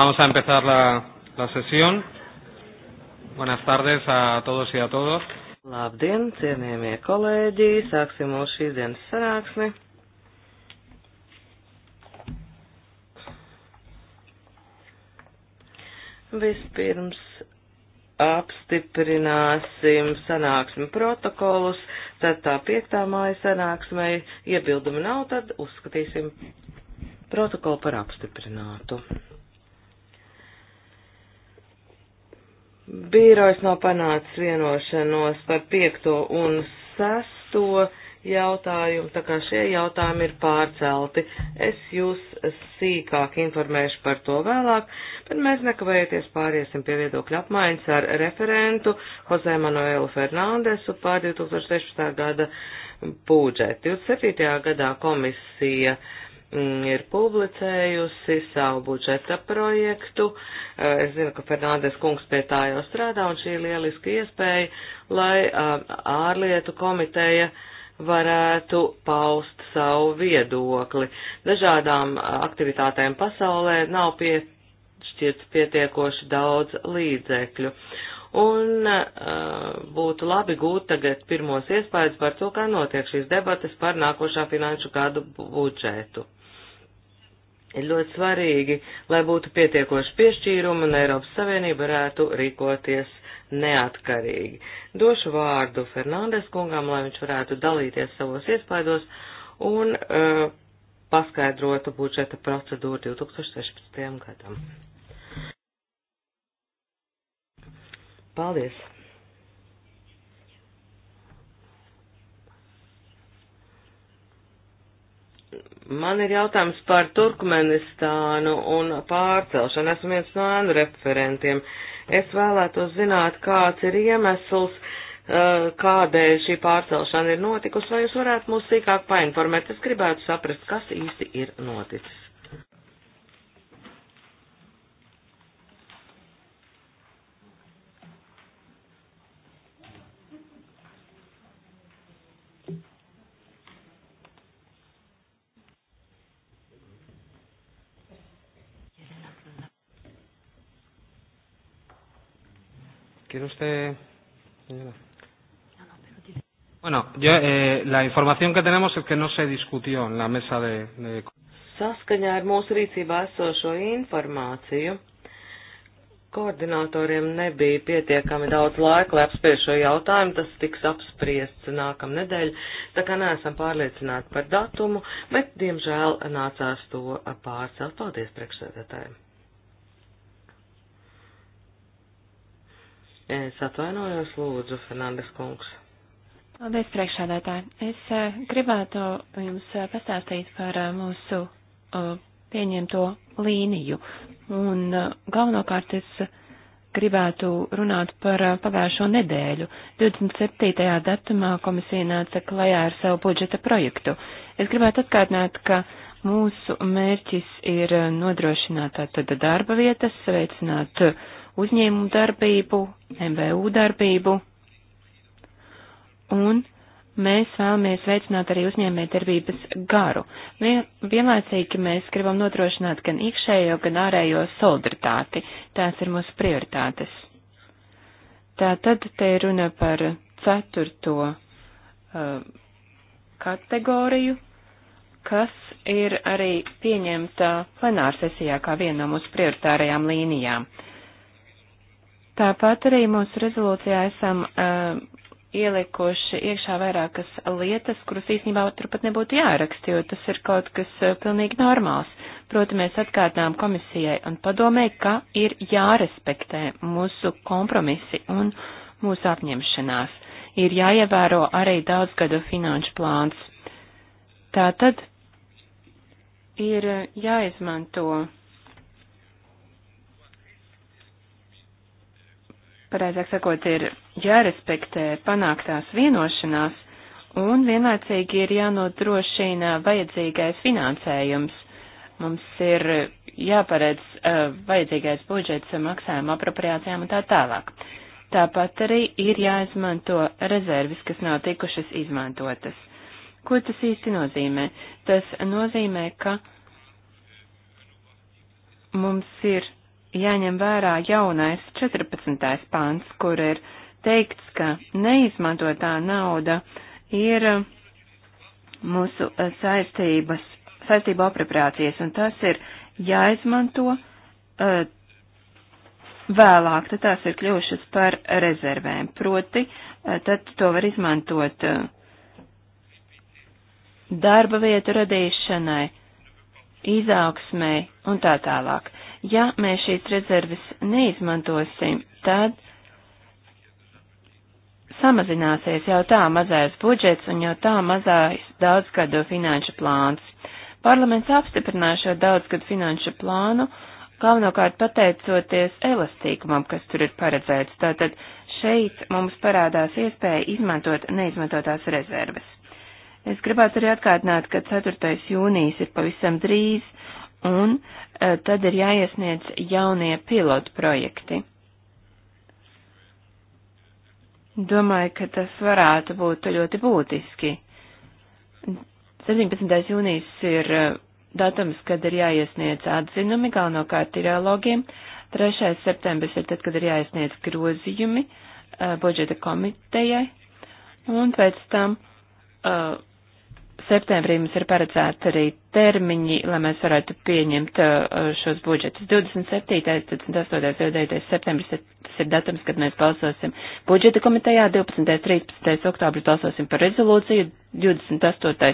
Vamos a empezar la, la sesión. Buenas tardes a todos y a todos. Labdien, cienījamie kolēģi, sāksim mūsu šīs dienas sanāksmi. Vispirms apstiprināsim sanāksmi protokolus, tad tā 5. māja sanāksmei iebildumi nav, tad uzskatīsim protokolu par apstiprinātu. Bīrojs nav panācis vienošanos par piekto un sesto jautājumu, tā kā šie jautājumi ir pārcelti. Es jūs sīkāk informēšu par to vēlāk, bet mēs nekavējoties pāriesim pie viedokļa apmaiņas ar referentu Jose Manuelu Fernandesu par 2016. gada budžetu. 27. gadā komisija uh, Mm, ir publicējusi savu budžeta projektu. Eh, es zinu, ka Fernandes kungs pie tā jau strādā, un šī ir lieliska iespēja, lai eh, ārlietu komiteja varētu paust savu viedokli. Dažādām eh, aktivitātēm pasaulē nav piešķirts pietiekoši daudz līdzekļu un uh, būtu labi gūt tagad pirmos iespējas par to, kā notiek šīs debates par nākošā finanšu gadu budžetu. Ir ļoti svarīgi, lai būtu pietiekoši piešķīrumi un Eiropas Savienība varētu rīkoties neatkarīgi. Došu vārdu Fernandes kungam, lai viņš varētu dalīties savos iespaidos un uh, eh, paskaidrotu budžeta procedūru 2016. gadam. Paldies! Man ir jautājums par Turkmenistānu un pārcelšanu. Esmu viens no ēnu referentiem. Es vēlētos zināt, kāds ir iemesls, eh, kādēļ šī pārcelšana ir notikusi, vai jūs varētu mūs sīkāk painformēt. Es gribētu saprast, kas īsti ir noticis. ¿Quiere usted, señora? Bueno, yo, eh, la información que tenemos es que no se discutió en la mesa de. de... Saskaņā ar mūsu rīcībā esošo informāciju koordinatoriem nebija pietiekami daudz laika, lai apspriež šo jautājumu. Tas tiks apspriests nākamnedēļ, tā kā neesam pārliecināti par datumu, bet, diemžēl, nācās to pārcelt. Paldies priekšsēdētājiem! Es atvainojos, lūdzu, Fernandes kungs. Paldies, priekšādātāji. Es eh, gribētu jums eh, pastāstīt par eh, mūsu pieņemto līniju. Un galvenokārt es gribētu runāt par pagājušo nedēļu. 27. datumā komisija nāca klajā ar savu budžeta projektu. Es gribētu atkārtināt, ka mūsu mērķis ir nodrošināt tātad darba vietas, veicināt uh, uzņēmumu darbību, MVU darbību, un mēs vēlamies veicināt arī uzņēmējdarbības garu. Vien, vienlaicīgi mēs gribam nodrošināt gan iekšējo, gan ārējo solidaritāti. Tās ir mūsu prioritātes. Tātad te ir runa par ceturto uh, kategoriju, kas ir arī pieņemta plenārsesijā kā viena no mūsu prioritārajām līnijām. Uh, Tāpat arī mūsu rezolūcijā esam uh, ielikuši iekšā vairākas lietas, kuras īstenībā turpat nebūtu jāraksta, jo tas ir kaut kas uh, pilnīgi normāls. Proti, mēs atkārtām komisijai un padomē, ka ir jārespektē mūsu kompromisi un mūsu apņemšanās. Ir jāievēro arī daudzgadu finanšu plāns. Tātad ir eh, jāizmanto pareizāk sakot, ir jārespektē panāktās vienošanās un vienlaicīgi ir jānodrošina vajadzīgais finansējums. Mums ir jāparedz uh, vajadzīgais budžets maksājuma apropriācijām un tā tālāk. Tāpat arī ir jāizmanto rezervis, kas nav tikušas izmantotas. Ko tas īsti nozīmē? Tas nozīmē, ka mums ir jāņem vērā jaunais 14. pāns, kur ir teikts, ka neizmantotā nauda ir mūsu saistības, saistību apropriācijas, un tas ir jāizmanto uh, vēlāk, tad tās ir kļuvušas par rezervēm. Proti, uh, tad to var izmantot uh, darba vietu radīšanai, izaugsmai un tā tālāk. Ja mēs šīs rezerves neizmantosim, tad samazināsies jau tā mazais budžets un jau tā mazais daudzgadu finanšu plāns. Parlaments apstiprināja šo daudzgadu finanšu plānu, galvenokārt pateicoties elastīgumam, kas tur ir paredzēts. Tātad šeit mums parādās iespēja izmantot neizmantotās rezerves. Es gribētu arī atkārtināt, ka 4. jūnijas ir pavisam drīz, un eh, tad ir jāiesniedz jaunie pilotu projekti. Domāju, ka tas varētu būt ļoti būtiski. 17. jūnijas ir eh, datums, kad ir jāiesniedz atzinumi, galvenokārt tirologiem. 3. septembris ir tad, kad ir jāiesniedz grozījumi eh, budžeta komitejai. Un pēc tam uh, septembrī mums ir paredzēti arī termiņi, lai mēs varētu pieņemt uh, šos budžetus. 27., 28., 29. septembris ir datums, kad mēs balsosim budžeta komitejā, 12. 13. oktobris balsosim par rezolūciju, 28.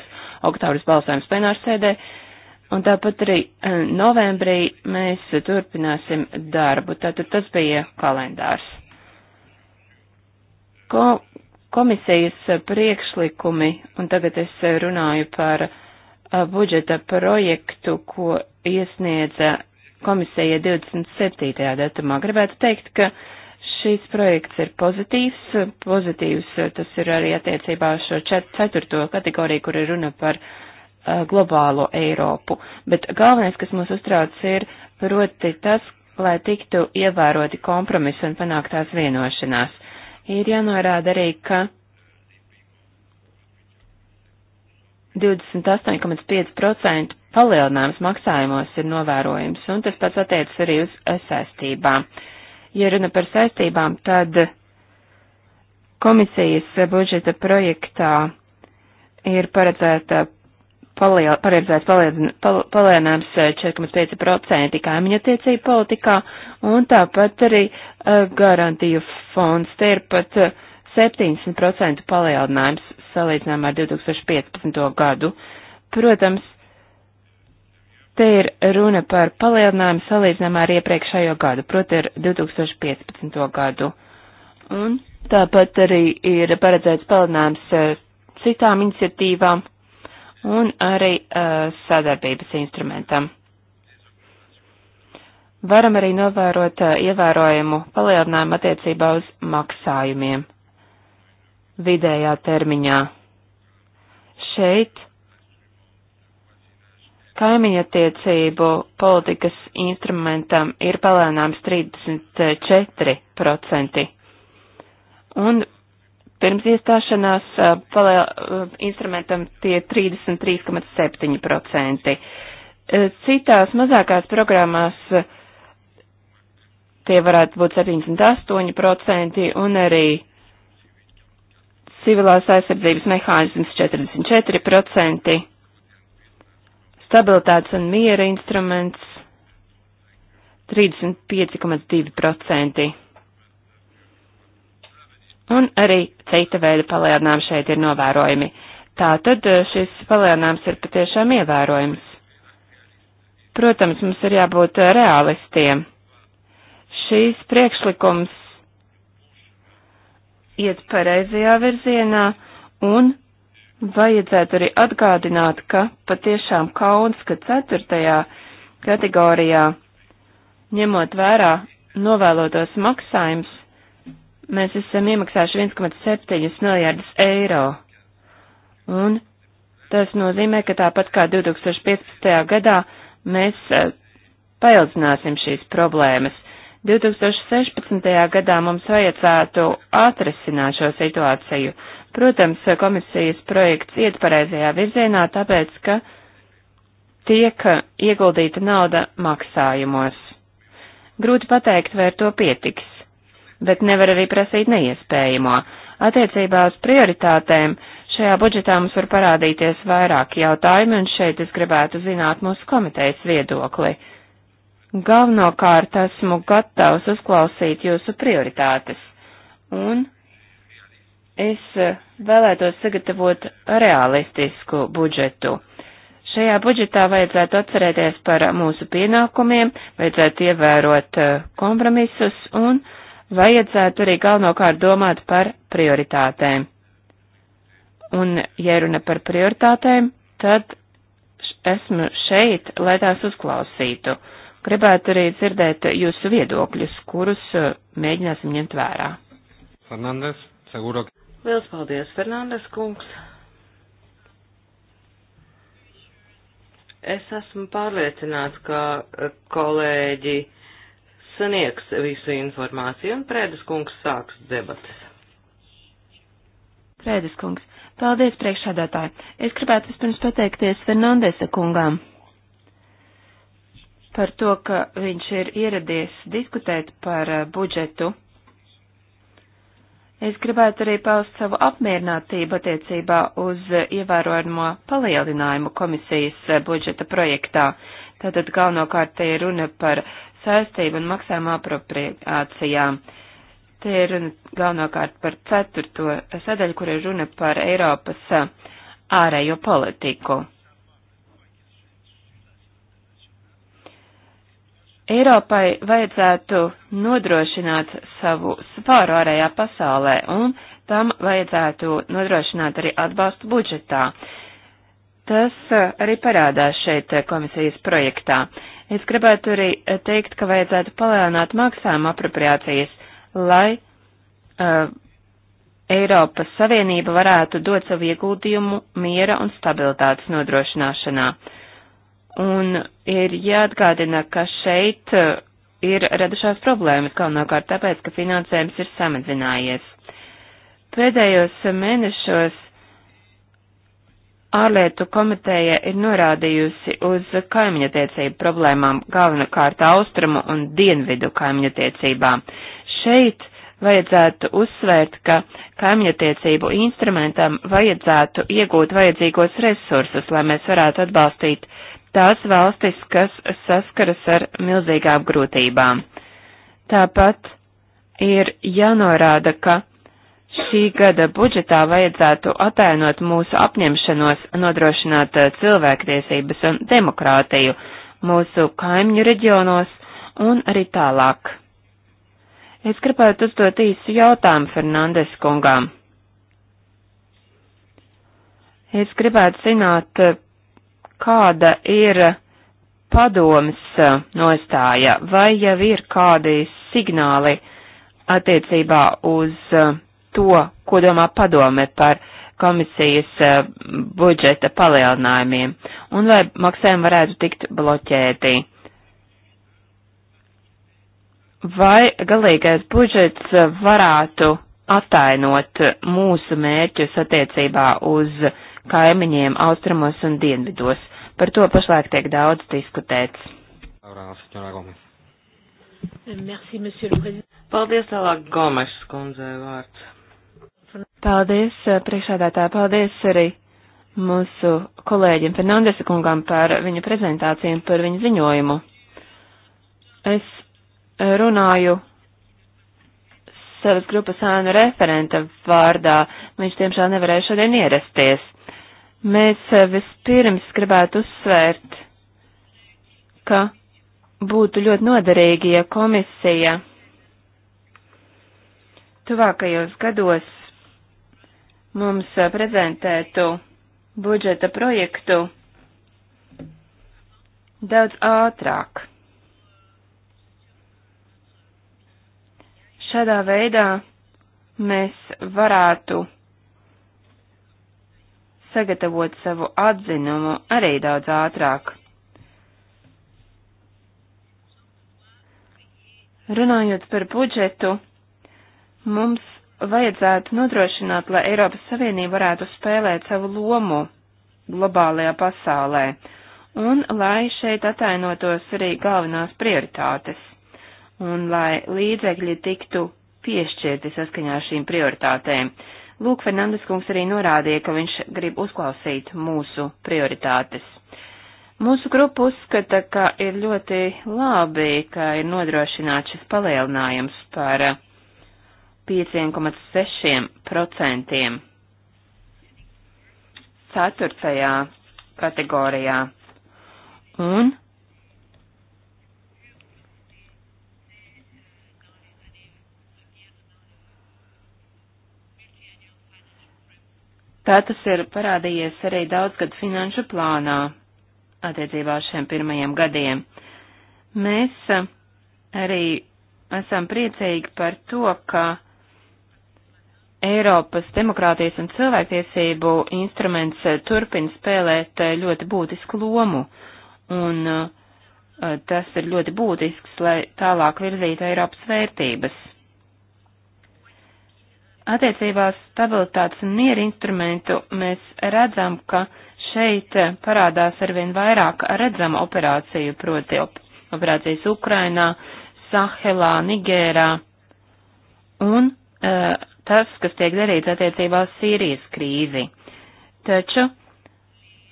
oktobris balsojums plenārsēdē, un tāpat arī uh, novembrī mēs turpināsim darbu. Tātad tas bija kalendārs. Ko Komisijas priekšlikumi, un tagad es runāju par budžeta projektu, ko iesniedza komisija 27. datumā. Gribētu teikt, ka šīs projekts ir pozitīvs. Pozitīvs tas ir arī attiecībā uz šo ceturto kategoriju, kur ir runa par uh, globālo Eiropu. Bet galvenais, kas mūs uztrauc, ir proti tas, lai tiktu ievēroti kompromisi un panāktās vienošanās. Ir jānorāda arī, ka 28,5% palielinājums maksājumos ir novērojams, un tas pats attiecas arī uz saistībām. Ja runa par saistībām, tad komisijas budžeta projektā ir paredzēta paliel, paredzēts palielinājums 4,5% eh, kaimiņa attiecību politikā, un tāpat arī uh, garantiju fonds. Te ir pat uh, eh, 70% palielinājums salīdzinām ar 2015. gadu. Protams, te ir runa par palielinājumu salīdzinām ar iepriekšējo gadu, proti ar 2015. gadu. Un tāpat arī ir paredzēts palielinājums uh, citām iniciatīvām un arī uh, sadarbības instrumentam. Varam arī novērot uh, ievērojumu palielinājumu attiecībā uz maksājumiem vidējā termiņā. Šeit kaimiņattiecību politikas instrumentam ir palēnāms 34%, un pirms iestāšanās eh, eh, instrumentam tie 33,7%. Eh, citās mazākās programmās tie varētu būt 78% un arī civilās aizsardzības mehānisms 44%, stabilitātes un miera instruments 35,2% un arī cita veida palielinājumi šeit ir novērojami. Tātad eh, šis palielinājums ir patiešām ievērojams. Protams, mums ir jābūt eh, realistiem. Šīs priekšlikums iet pareizajā virzienā un vajadzētu arī atgādināt, ka patiešām kauns, ka ceturtajā kategorijā, ņemot vērā novēlotos maksājums, mēs esam iemaksājuši 1,7 miljārdus eiro. Un tas nozīmē, ka tāpat kā 2015. gadā mēs e, paildzināsim šīs problēmas. 2016. gadā mums vajadzētu atrisināt šo situāciju. Protams, komisijas projekts iet pareizajā virzienā, tāpēc, ka tiek ieguldīta nauda maksājumos. Grūti pateikt, vai ar to pietiks bet nevar arī prasīt neiespējamo. Attiecībā uz prioritātēm šajā budžetā mums var parādīties vairāki jautājumi, un šeit es gribētu zināt mūsu komitejas viedokli. Galvenokārt esmu gatavs uzklausīt jūsu prioritātes, un es vēlētos sagatavot realistisku budžetu. Šajā budžetā vajadzētu atcerēties par mūsu pienākumiem, vajadzētu ievērot eh, kompromisus un vajadzētu arī galvenokārt domāt par prioritātēm. Un, ja runa par prioritātēm, tad esmu šeit, lai tās uzklausītu. Gribētu arī dzirdēt jūsu viedokļus, kurus mēģināsim ņemt vērā. Fernandes, seguro. Liels paldies, Fernandes kungs. Es esmu pārliecināts, ka kolēģi sniegs visu informāciju, un Prēdas kungs sāks debatas. Prēdas kungs, paldies priekšādātāji. Es gribētu vispirms pateikties Fernandesa kungām par to, ka viņš ir ieradies diskutēt par eh, budžetu. Es gribētu arī paust savu apmierinātību attiecībā uz ievērojamo palielinājumu komisijas eh, budžeta projektā. Tātad galvenokārt te ir runa par saistību un maksājuma apropriācijām. Te ir runa galvenokārt par ceturto sadaļu, kur ir runa par Eiropas ārējo politiku. Eiropai vajadzētu nodrošināt savu svaru ārējā pasaulē, un tam vajadzētu nodrošināt arī atbalstu budžetā. Tas arī parādās šeit komisijas projektā. Es gribētu arī eh, teikt, ka vajadzētu palielināt maksājuma apropriācijas, lai uh, eh, Eiropas Savienība varētu dot savu ieguldījumu miera un stabilitātes nodrošināšanā. Un ir jāatgādina, ka šeit eh, ir radušās problēmas galvenokārt tāpēc, ka finansējums ir samazinājies. Pēdējos mēnešos ārlietu komiteja ir norādījusi uz kaimiņatiecību problēmām galvenokārt austrumu un dienvidu kaimiņatiecībām. Šeit vajadzētu uzsvērt, ka kaimiņatiecību instrumentam vajadzētu iegūt vajadzīgos resursus, lai mēs varētu atbalstīt tās valstis, kas saskaras ar milzīgām grūtībām. Tāpat ir jānorāda, ka šī gada budžetā vajadzētu atainot mūsu apņemšanos nodrošināt eh, cilvēktiesības un demokrātiju mūsu kaimiņu reģionos un arī tālāk. Es gribētu uzdot īsu jautājumu Fernandes kungām. Es gribētu zināt, eh, kāda ir padomas eh, nostāja, vai jau ir kādi signāli attiecībā uz to, ko domā padome par komisijas uh, budžeta palielinājumiem, un vai maksājumi varētu tikt bloķēti. Vai galīgais budžets varētu atainot mūsu mērķus attiecībā uz kaimiņiem austrumos un dienvidos? Par to pašlaik tiek daudz diskutēts. Paldies, tālāk Gomes kundzei vārds. Paldies, eh, priekšādātāji, paldies arī mūsu kolēģim Fernandesa kungam par viņa prezentāciju un par viņa ziņojumu. Es eh, runāju savas grupas ēnu referenta vārdā, viņš tiemžēl nevarēja šodien ierasties. Mēs eh, vispirms gribētu uzsvērt, ka būtu ļoti noderīgi, ja komisija tuvākajos gados mums eh, prezentētu budžeta projektu daudz ātrāk. Šādā veidā mēs varētu sagatavot savu atzinumu arī daudz ātrāk. Runājot par budžetu, mums vajadzētu nodrošināt, lai Eiropas Savienība varētu spēlēt savu lomu globālajā pasaulē, un lai šeit atainotos arī galvenās prioritātes, un lai līdzekļi tiktu piešķirti saskaņā ar šīm prioritātēm. Lūk, Fernandes kungs arī norādīja, ka viņš grib uzklausīt mūsu prioritātes. Mūsu grupa uzskata, ka ir ļoti labi, ka ir nodrošināts šis palielinājums par uh, 5,6%. Ceturtajā kategorijā. Un Tā tas ir parādījies arī daudzgad finanšu plānā attiecībā uz šiem pirmajiem gadiem. Mēs eh, arī esam priecīgi par to, ka Eiropas demokrātijas un cilvēktiesību instruments eh, turpina spēlēt eh, ļoti būtisku lomu, un eh, tas ir ļoti būtisks, lai tālāk virzītu Eiropas vērtības. Attiecībās stabilitātes un miera instrumentu mēs redzam, ka šeit parādās arvien vairāk redzama operāciju, proti op operācijas Ukrainā, Sahelā, Nigērā un uh, tas, kas tiek darīts attiecībā uz Sīrijas krīzi. Taču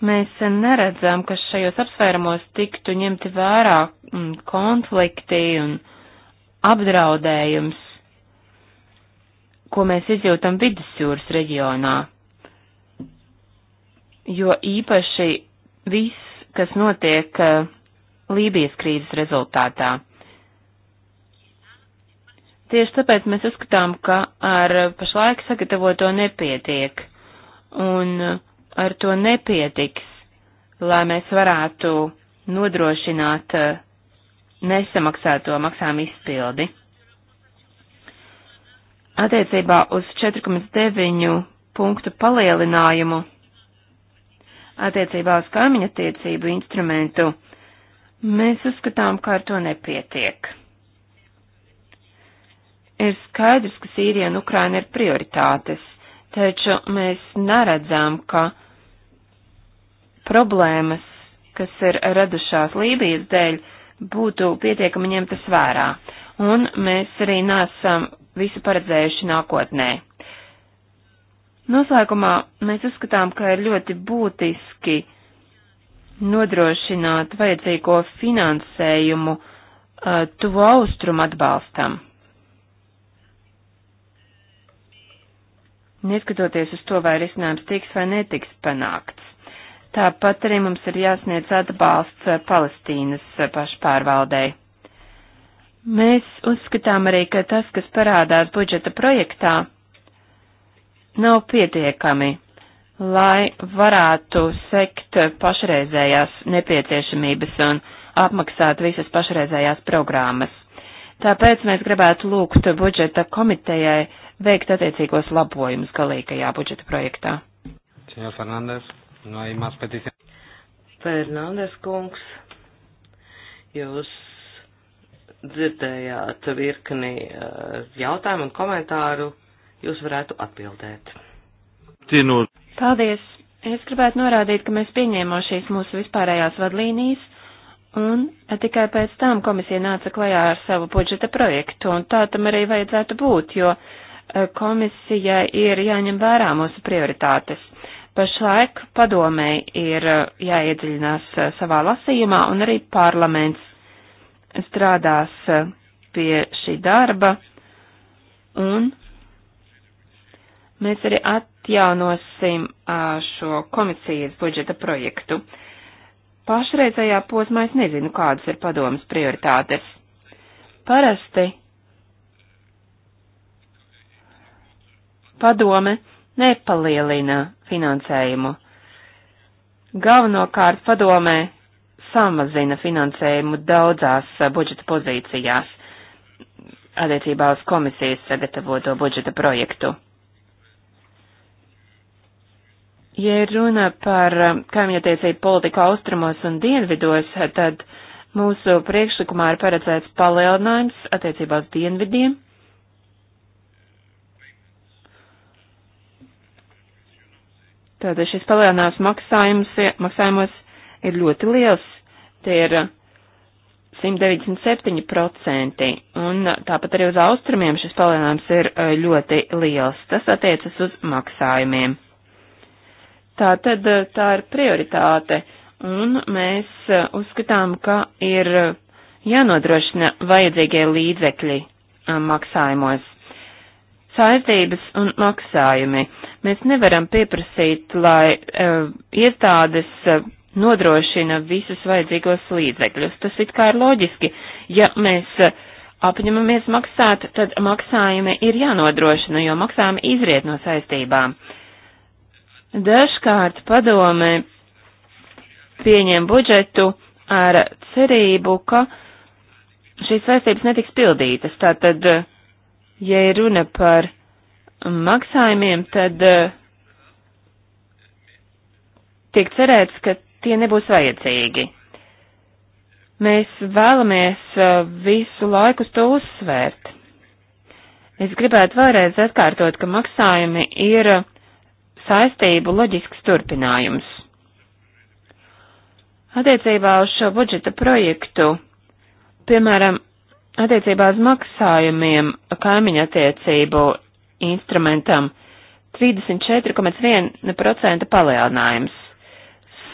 mēs neredzam, ka šajos apsvērumos tiktu ņemti vērā mm, konflikti un apdraudējums, ko mēs izjūtam vidusjūras reģionā. Jo īpaši viss, kas notiek eh, Lībijas krīzes rezultātā. Tieši tāpēc mēs uzskatām, ka ar pašlaik sagatavoto nepietiek, un ar to nepietiks, lai mēs varētu nodrošināt eh, nesamaksāto maksājumu izpildi. Attiecībā uz 4,9 punktu palielinājumu attiecībā uz kaimiņattiecību instrumentu mēs uzskatām, ka ar to nepietiek. Ir skaidrs, ka Sīrija un Ukraina ir prioritātes, taču mēs neredzam, ka problēmas, kas ir radušās Lībijas dēļ, būtu pietiekami ņemtas vērā, un mēs arī nesam visu paredzējuši nākotnē. Noslēgumā mēs uzskatām, ka ir ļoti būtiski nodrošināt vajadzīgo finansējumu uh, tuvu austrumu atbalstam. neskatoties uz to, vai risinājums tiks vai netiks panākts. Tāpat arī mums ir jāsniedz atbalsts eh, Palestīnas eh, pašpārvaldei. Mēs uzskatām arī, ka tas, kas parādās budžeta projektā, nav pietiekami, lai varētu sekt pašreizējās nepieciešamības un apmaksāt visas pašreizējās programmas. Tāpēc mēs gribētu lūgt budžeta komitejai veikt attiecīgos labojumus galīgajā budžeta projektā. Senor Fernandes, no hay más peticiones. Fernandes kungs, jūs dzirdējāt virkni eh, jautājumu un komentāru, jūs varētu atbildēt. Cienot. Paldies. Es gribētu norādīt, ka mēs pieņēmām šīs mūsu vispārējās vadlīnijas, un tikai pēc tam komisija nāca klajā ar savu budžeta projektu, un tā tam arī vajadzētu būt, jo uh, Eh, komisija ir jāņem vērā mūsu prioritātes. Pašlaik padomēji ir eh, jāiedziļinās eh, savā lasījumā, un arī parlaments strādās pie šī darba, un mēs arī atjaunosim šo komisijas budžeta projektu. Pašreizējā posmā es nezinu, kādas ir padomas prioritātes. Parasti padome nepalielina finansējumu. Galvenokārt padomē samazina finansējumu daudzās eh, budžeta pozīcijās attiecībā uz komisijas sagatavoto budžeta projektu. Ja runa par eh, kaimiņattiecību politiku austrumos un dienvidos, eh, tad mūsu priekšlikumā ir paredzēts palielinājums attiecībā uz dienvidiem, Tātad šis palielinājums maksājumos ir ļoti liels. Tie ir 197%, uh, un uh, tāpat arī uz austrumiem šis palielinājums ir uh, ļoti liels. Tas attiecas uz maksājumiem. Tātad tā ir prioritāte, un mēs uzskatām, ka ir jānodrošina vajadzīgie līdzekļi maksājumos saistības un maksājumi. Mēs nevaram pieprasīt, lai uh, iestādes uh, nodrošina visus vajadzīgos līdzekļus. Tas it kā ir loģiski. Ja mēs uh, apņemamies maksāt, tad maksājumi ir jānodrošina, jo maksājumi izriet no saistībām. Dažkārt padome pieņem budžetu ar cerību, ka šīs saistības netiks pildītas. Tātad uh, Ja ir runa par maksājumiem, tad eh, tiek cerēts, ka tie nebūs vajadzīgi. Mēs vēlamies eh, visu laiku to uzsvērt. Es gribētu vēlreiz atkārtot, ka maksājumi ir eh, saistību loģisks turpinājums. Attiecībā uz šo budžeta projektu, piemēram, attiecībā uz maksājumiem kaimiņa attiecību instrumentam 34,1% palielinājums.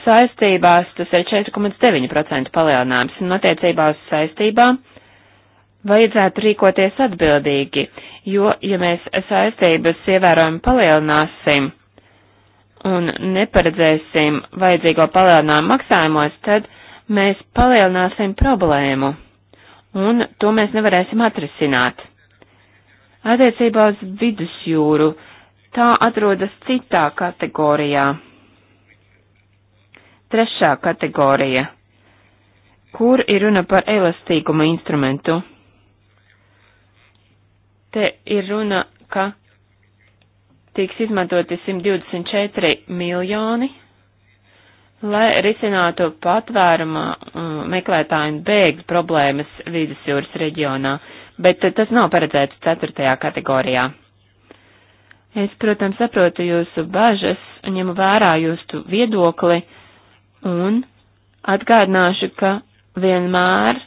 Saistībās tas ir 4,9% palielinājums, un attiecībā uz saistībām vajadzētu rīkoties atbildīgi, jo, ja mēs saistības ievērojami palielināsim un neparedzēsim vajadzīgo palielinājumu maksājumos, tad mēs palielināsim problēmu un to mēs nevarēsim atrisināt. Attiecībā uz vidusjūru tā atrodas citā kategorijā. Trešā kategorija, kur ir runa par elastīgumu instrumentu. Te ir runa, ka tiks izmantoti 124 miljoni lai risinātu patvēruma mm, meklētāju un bēgļu problēmas Vīdusjūras reģionā, bet tas nav paredzēts ceturtajā kategorijā. Es, protams, saprotu jūsu bažas, ņemu vērā jūsu viedokli un atgādināšu, ka vienmēr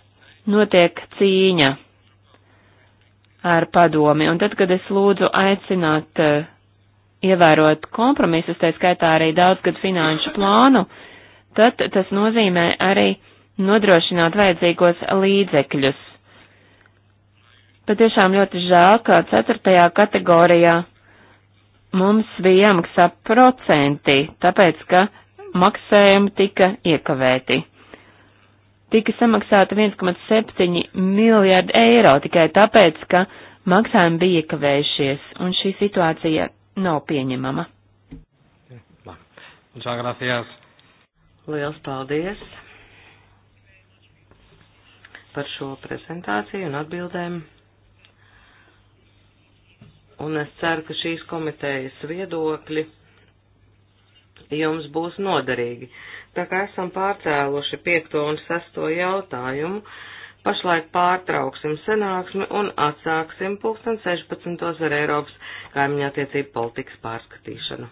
notiek cīņa ar padomi. Un tad, kad es lūdzu aicināt uh, ievērot kompromisus, tā skaitā arī daudzgad finanšu plānu, tad tas nozīmē arī nodrošināt vajadzīgos līdzekļus. Patiešām ļoti žēl, ka ceturtajā kategorijā mums bija jāmaksā procenti, tāpēc, ka maksājumi tika iekavēti. Tika samaksāta 1,7 miljārdi eiro tikai tāpēc, ka maksājumi bija iekavējušies, un šī situācija nav pieņemama. Lielas paldies par šo prezentāciju un atbildēm. Un es ceru, ka šīs komitejas viedokļi jums būs noderīgi. Tā kā esam pārcēluši piekto un sesto jautājumu, uh, Pašlaik pārtrauksim sanāksmi un atsāksim pulksten 16. ar Eiropas kaimiņā tiecību politikas pārskatīšanu.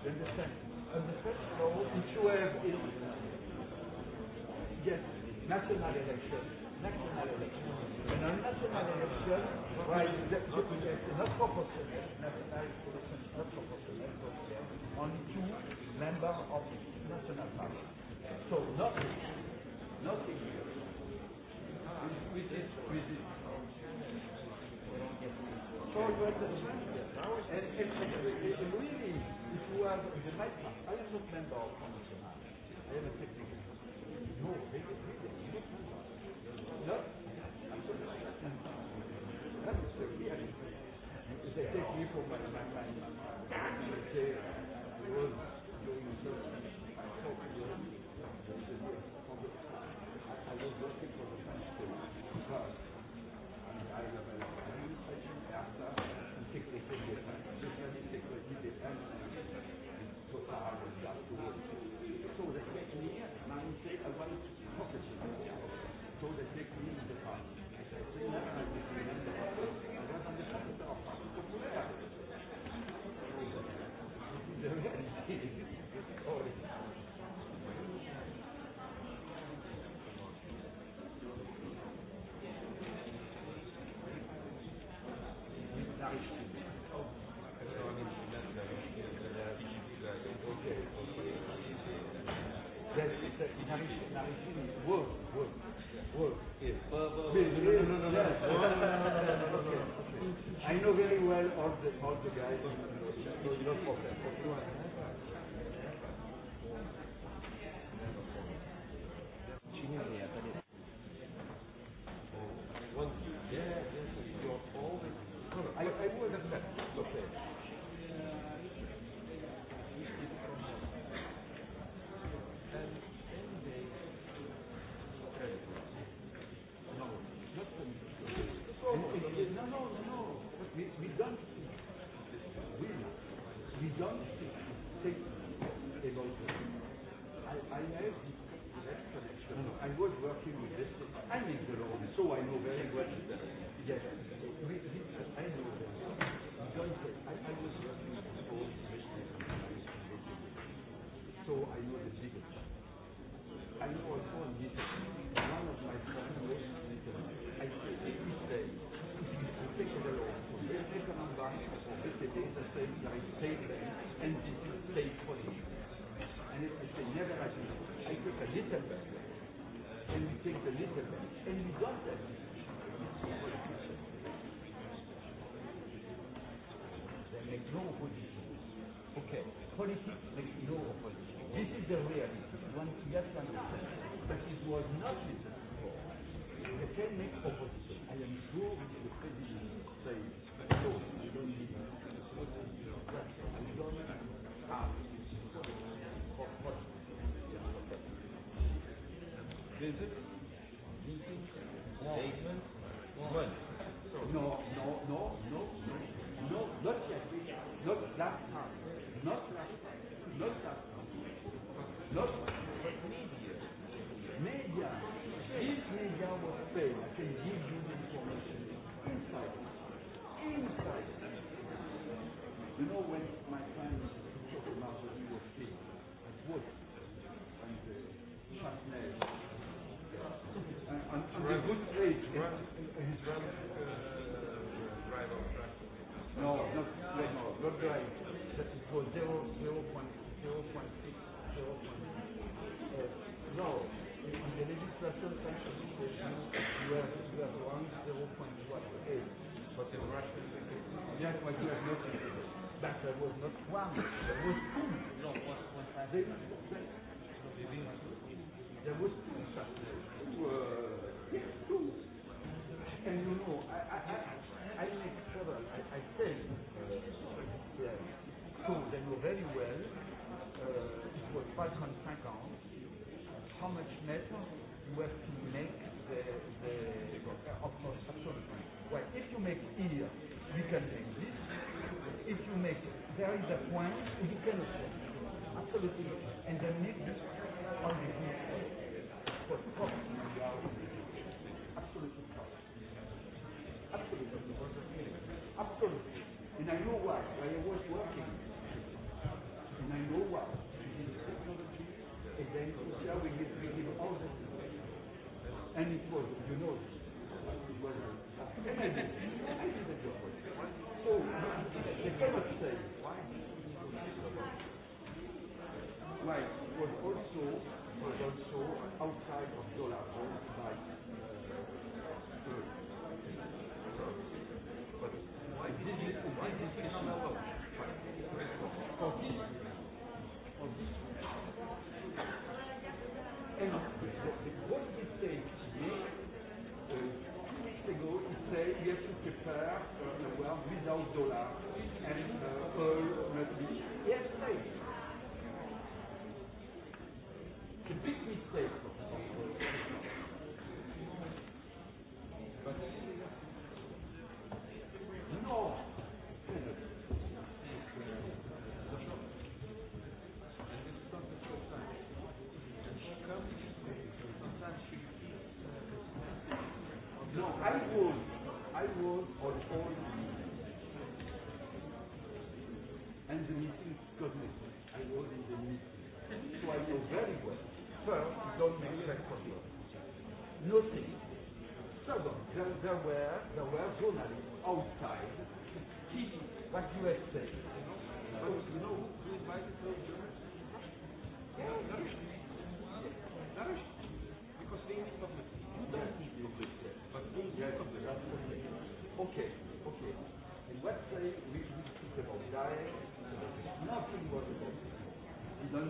Understand? Understand? So if you have is yes, national election, national election, and a national election, right? That you yes, not proportional, national election, not proportional, only two members of national party. So nothing, nothing here. With this, with this. So you understand? Yes. Now it's Club member of I know very well all the all the guys. So you don't forget. there was not one, there was two. No, one, one. There was, there was two such two, uh, yes, two. And you know, I, I, I, I make several, I, I said, uh, yeah. so they know very well, uh, it was 550, how much metal you have to make the, the, of course, absolutely. Well, if you make here, you can make this, if you make it, there is a point you can afford. Absolutely. And the next on the next for cost. Absolutely cost. Absolutely. Absolutely. And I know why. I was working. And I know why. And then yeah, we give, we give all this. And it was, you know, it was, and I did, I did the job. Right, was also, was also outside of dollar.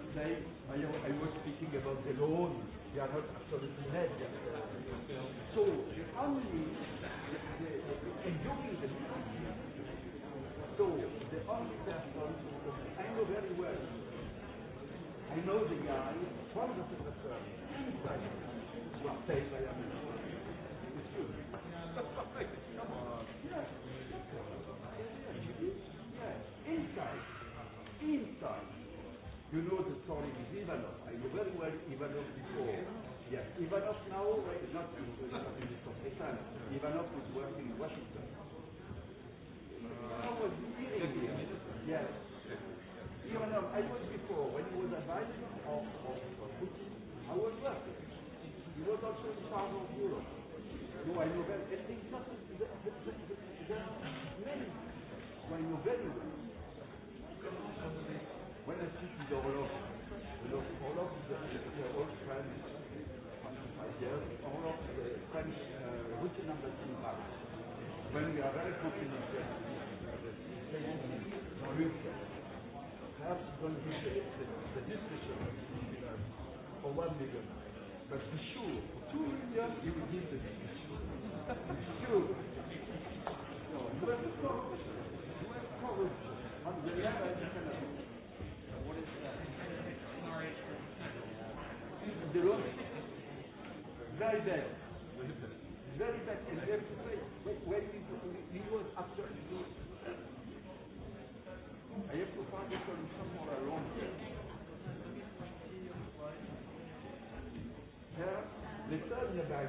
don't say, I, I was speaking about the law, they are not absolutely mad. So the only, the, the, the, enjoying the meeting, so the only person, I know very well, I know the guy from the secretary, uh, inside, was saved by America. You know the story with Ivanov. I know very well Ivanov before. Yes, Ivanov now is not in the Satan. Ivanov is working in Washington. How was he here? Yes. Ivanov, I was before, when he was advisor of, of Putin, I was working. He was also in part of Europe. No, I know that. It's nothing. when we are very confident that no future, perhaps going to the, the, the discussion for one million, but for sure, for two million, you will give the discussion. sure. No, you have to courage. You have courage on the level you cannot. very bad. Very bad and very straight. When he, he was after I have to find it for him somewhere along here. Her, the third Nabai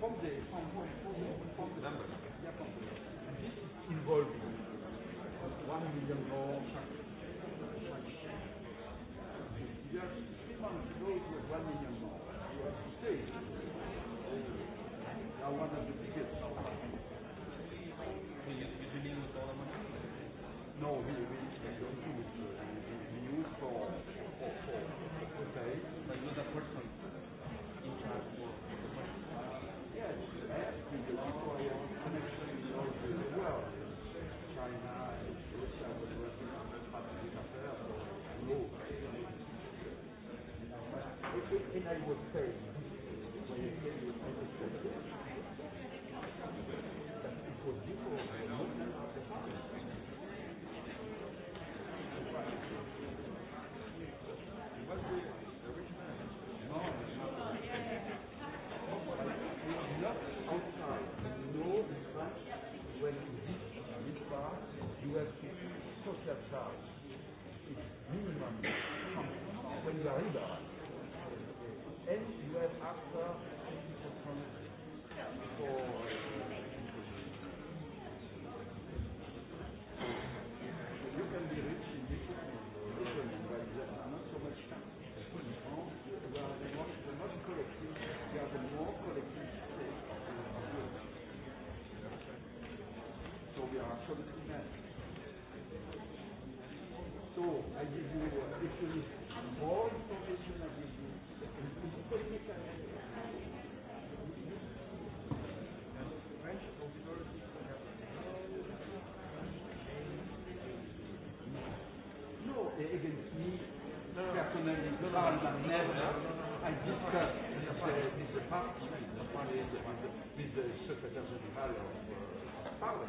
Remember Thursday. parle la lettre à Disca, qui se parle, qui se secrétaire général, euh, on parle.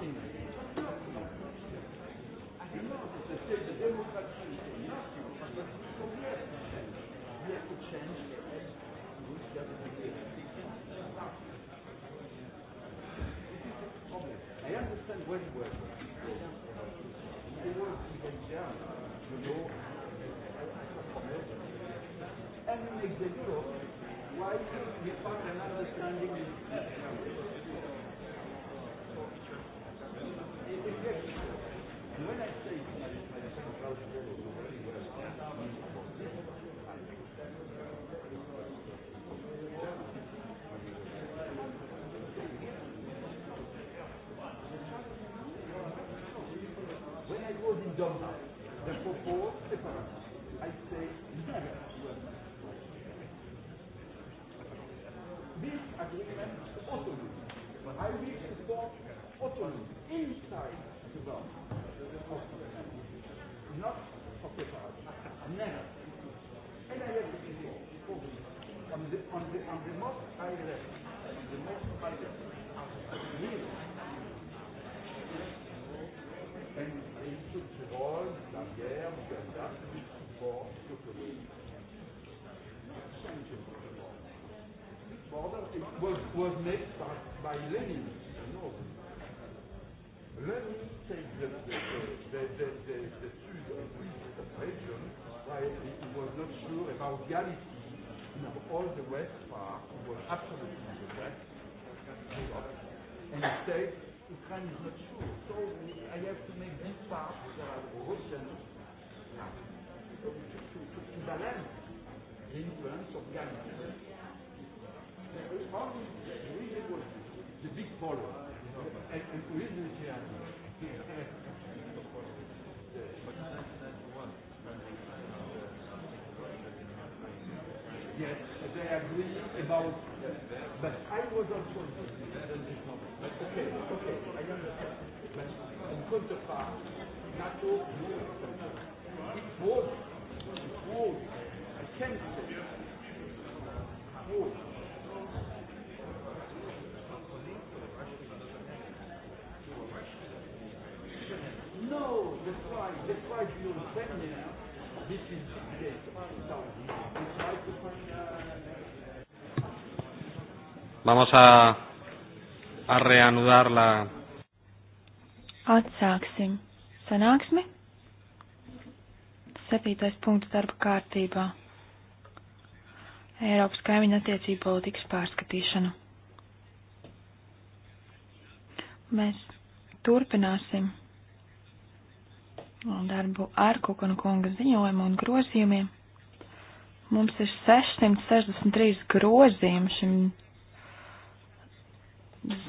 Amen. learning you know learning takes the the the the the, the sud and east region why it was not sure about reality of all the west part was absolutely the west Europe. and it says Ukraine is not sure so I have to make this part that are Russian to, to, to, to balance the influence of reality. Only reasonable the big problem. And, and who is this here? yes, they agree about. But I was also. But okay, okay, I understand. But in counterpart, NATO it was, it was, I can say, it was. That's why if you understand now, this is Vamos a, a reanudar la. Atsāksim sanāksmi. Septītais punkts darba kārtībā. Eiropas kaimiņa attiecību politikas pārskatīšanu. Mēs turpināsim darbu ar Kukana kunga ziņojumu un grozījumiem. Mums ir 663 grozījumi šim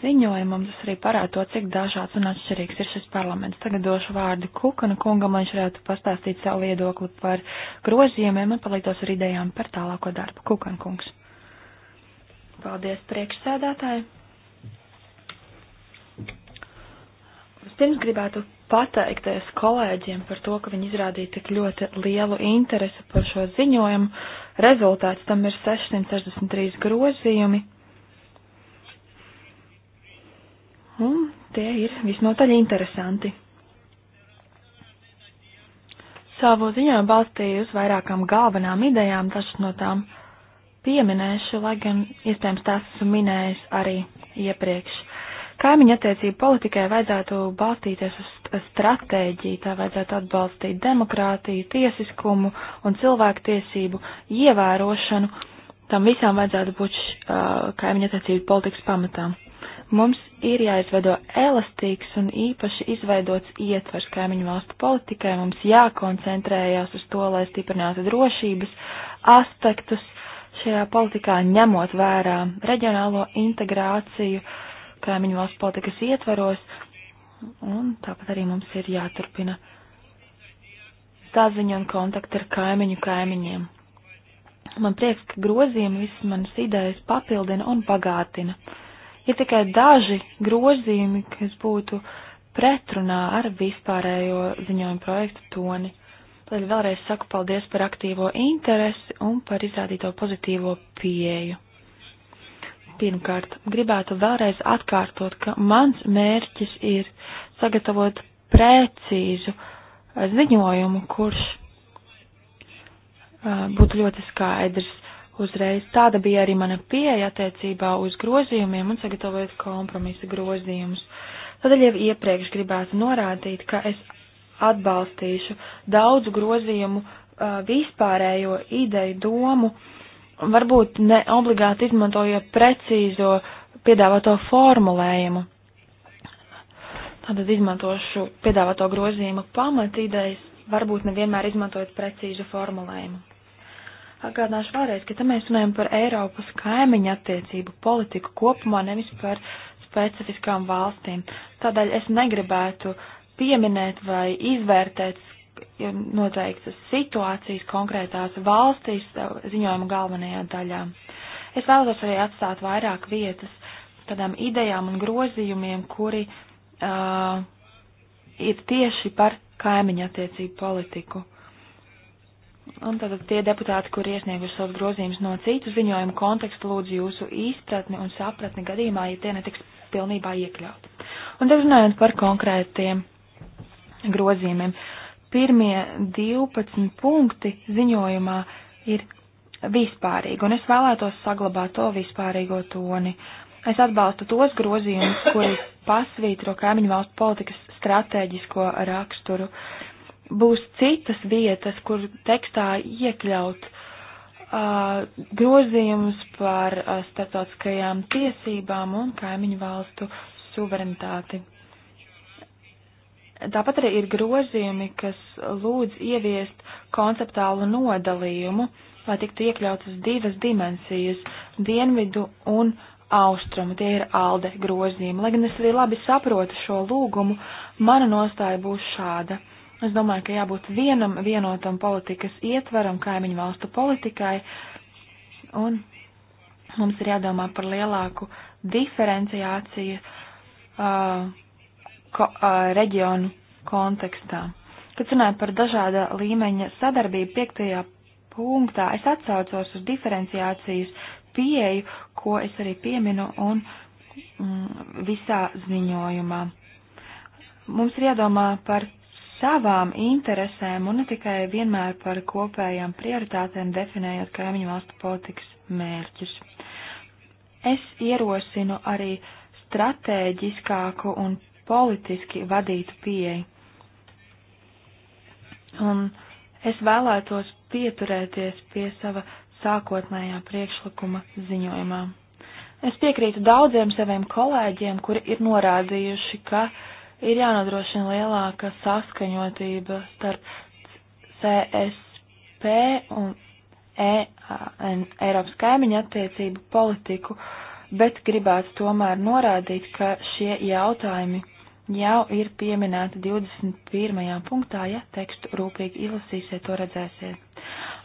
ziņojumam, tas arī parāda to, cik dažāds un atšķirīgs ir šis parlaments. Tagad došu vārdu Kukana kungam, lai viņš varētu pastāstīt savu viedokli par grozījumiem un palīdzos ar idejām par tālāko darbu. Kukana kungs. Paldies priekšsēdētāji. Vispirms gribētu pateikties kolēģiem par to, ka viņi izrādīja tik ļoti lielu interesi par šo ziņojumu. Rezultāts tam ir 663 grozījumi. Un tie ir visnotaļ interesanti. Savu ziņojumu balstīju uz vairākām galvenām idejām, dažas no tām pieminēšu, lai gan iespējams tās esmu minējis arī iepriekš. Kaimiņa attiecību politikai vajadzētu balstīties uz stratēģiju, tā vajadzētu atbalstīt demokrātiju, tiesiskumu un cilvēktiesību ievērošanu. Tam visām vajadzētu būt uh, kaimiņa attiecību politikas pamatām. Mums ir jāizveido elastīgs un īpaši izveidots ietvers kaimiņu valstu politikai. Mums jākoncentrējās uz to, lai stiprinātu drošības aspektus šajā politikā, ņemot vērā reģionālo integrāciju kaimiņu valstu politikas ietvaros Un tāpat arī mums ir jāturpina saziņa un kontakti ar kaimiņu kaimiņiem. Man prieks, ka grozījumi visas manas idejas papildina un bagātina. Ir tikai daži grozījumi, kas būtu pretrunā ar vispārējo ziņojumu projektu toni. Tad vēlreiz saku paldies par aktīvo interesi un par izrādīto pozitīvo pieeju. Pirmkārt, gribētu vēlreiz atkārtot, ka mans mērķis ir sagatavot precīzu eh, ziņojumu, kurš uh, būtu ļoti skaidrs uzreiz. Tāda bija arī mana pieeja attiecībā uz grozījumiem un sagatavojot kompromisa grozījumus. Tādēļ jau iepriekš gribētu norādīt, ka es atbalstīšu daudzu grozījumu uh, vispārējo ideju domu, uh, varbūt ne obligāti izmantoja precīzo piedāvāto formulējumu. Tātad izmantošu piedāvāto grozījumu pamatīdais, varbūt nevienmēr izmantojot precīzu formulējumu. Atgādināšu vēlreiz, ka te mēs runājam par Eiropas kaimiņu attiecību politiku kopumā, nevis par specifiskām valstīm. Tādēļ es negribētu pieminēt vai izvērtēt ir noteiktas situācijas konkrētās valstīs ziņojuma galvenajā daļā. Es vēlos arī atstāt vairāk vietas tādām idejām un grozījumiem, kuri uh, ir tieši par kaimiņa attiecību politiku. Un tātad tie deputāti, kur iesnieguši savus grozījumus no citu ziņojumu kontekstu, lūdzu jūsu izpratni un sapratni gadījumā, ja tie netiks pilnībā iekļaut. Un tad runājot par konkrētiem grozījumiem, pirmie 12 punkti ziņojumā ir vispārīgi, un es vēlētos saglabāt to vispārīgo toni. Es atbalstu tos grozījumus, kuri pasvītro kaimiņu valstu politikas stratēģisko raksturu. Būs citas vietas, kur tekstā iekļaut uh, grozījumus par uh, starptautiskajām tiesībām un kaimiņu valstu suverenitāti. Tāpat arī ir grozījumi, kas lūdz ieviest konceptuālu nodalījumu, lai tiktu iekļautas divas dimensijas - dienvidu un austrumu. Tie ir alde grozījumi. Lai gan es arī labi saprotu šo lūgumu, mana nostāja būs šāda. Es domāju, ka jābūt vienam vienotam politikas ietveram kaimiņu valstu politikai, un mums ir jādomā par lielāku diferenciāciju. Uh, ko, uh, reģionu kontekstā. Kad runājam par dažāda līmeņa sadarbību piektajā punktā, es atsaucos uz diferenciācijas pieeju, ko es arī pieminu un mm, visā ziņojumā. Mums ir jādomā par savām interesēm un ne tikai vienmēr par kopējām prioritātēm definējot kaimiņu valstu politikas mērķus. Es ierosinu arī stratēģiskāku un politiski vadītu pieeju. Un es vēlētos pieturēties pie sava sākotnējā priekšlikuma ziņojumā. Es piekrītu daudziem saviem kolēģiem, kuri ir norādījuši, ka ir jānodrošina lielāka saskaņotība starp CSP un e, en, Eiropas kaimiņa attiecību politiku, bet gribētu tomēr norādīt, ka šie jautājumi jau ir pieminēta 21. punktā, ja tekstu rūpīgi izlasīsiet, to redzēsiet.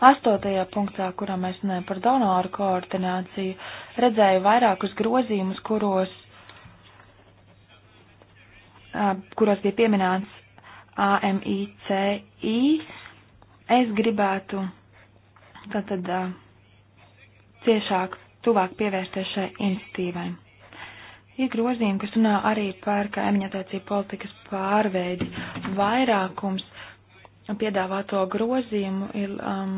8. punktā, kurā mēs runājam par donoru koordināciju, redzēju vairākus grozījumus, kuros, kuros bija pieminēts AMICI. Es gribētu tātad ciešāk, tuvāk pievērsties šai institīvai. Ir grozījumi, kas runā arī par kaimiņattiecību politikas pārveidi. Vairākums piedāvāto grozījumu ir, um,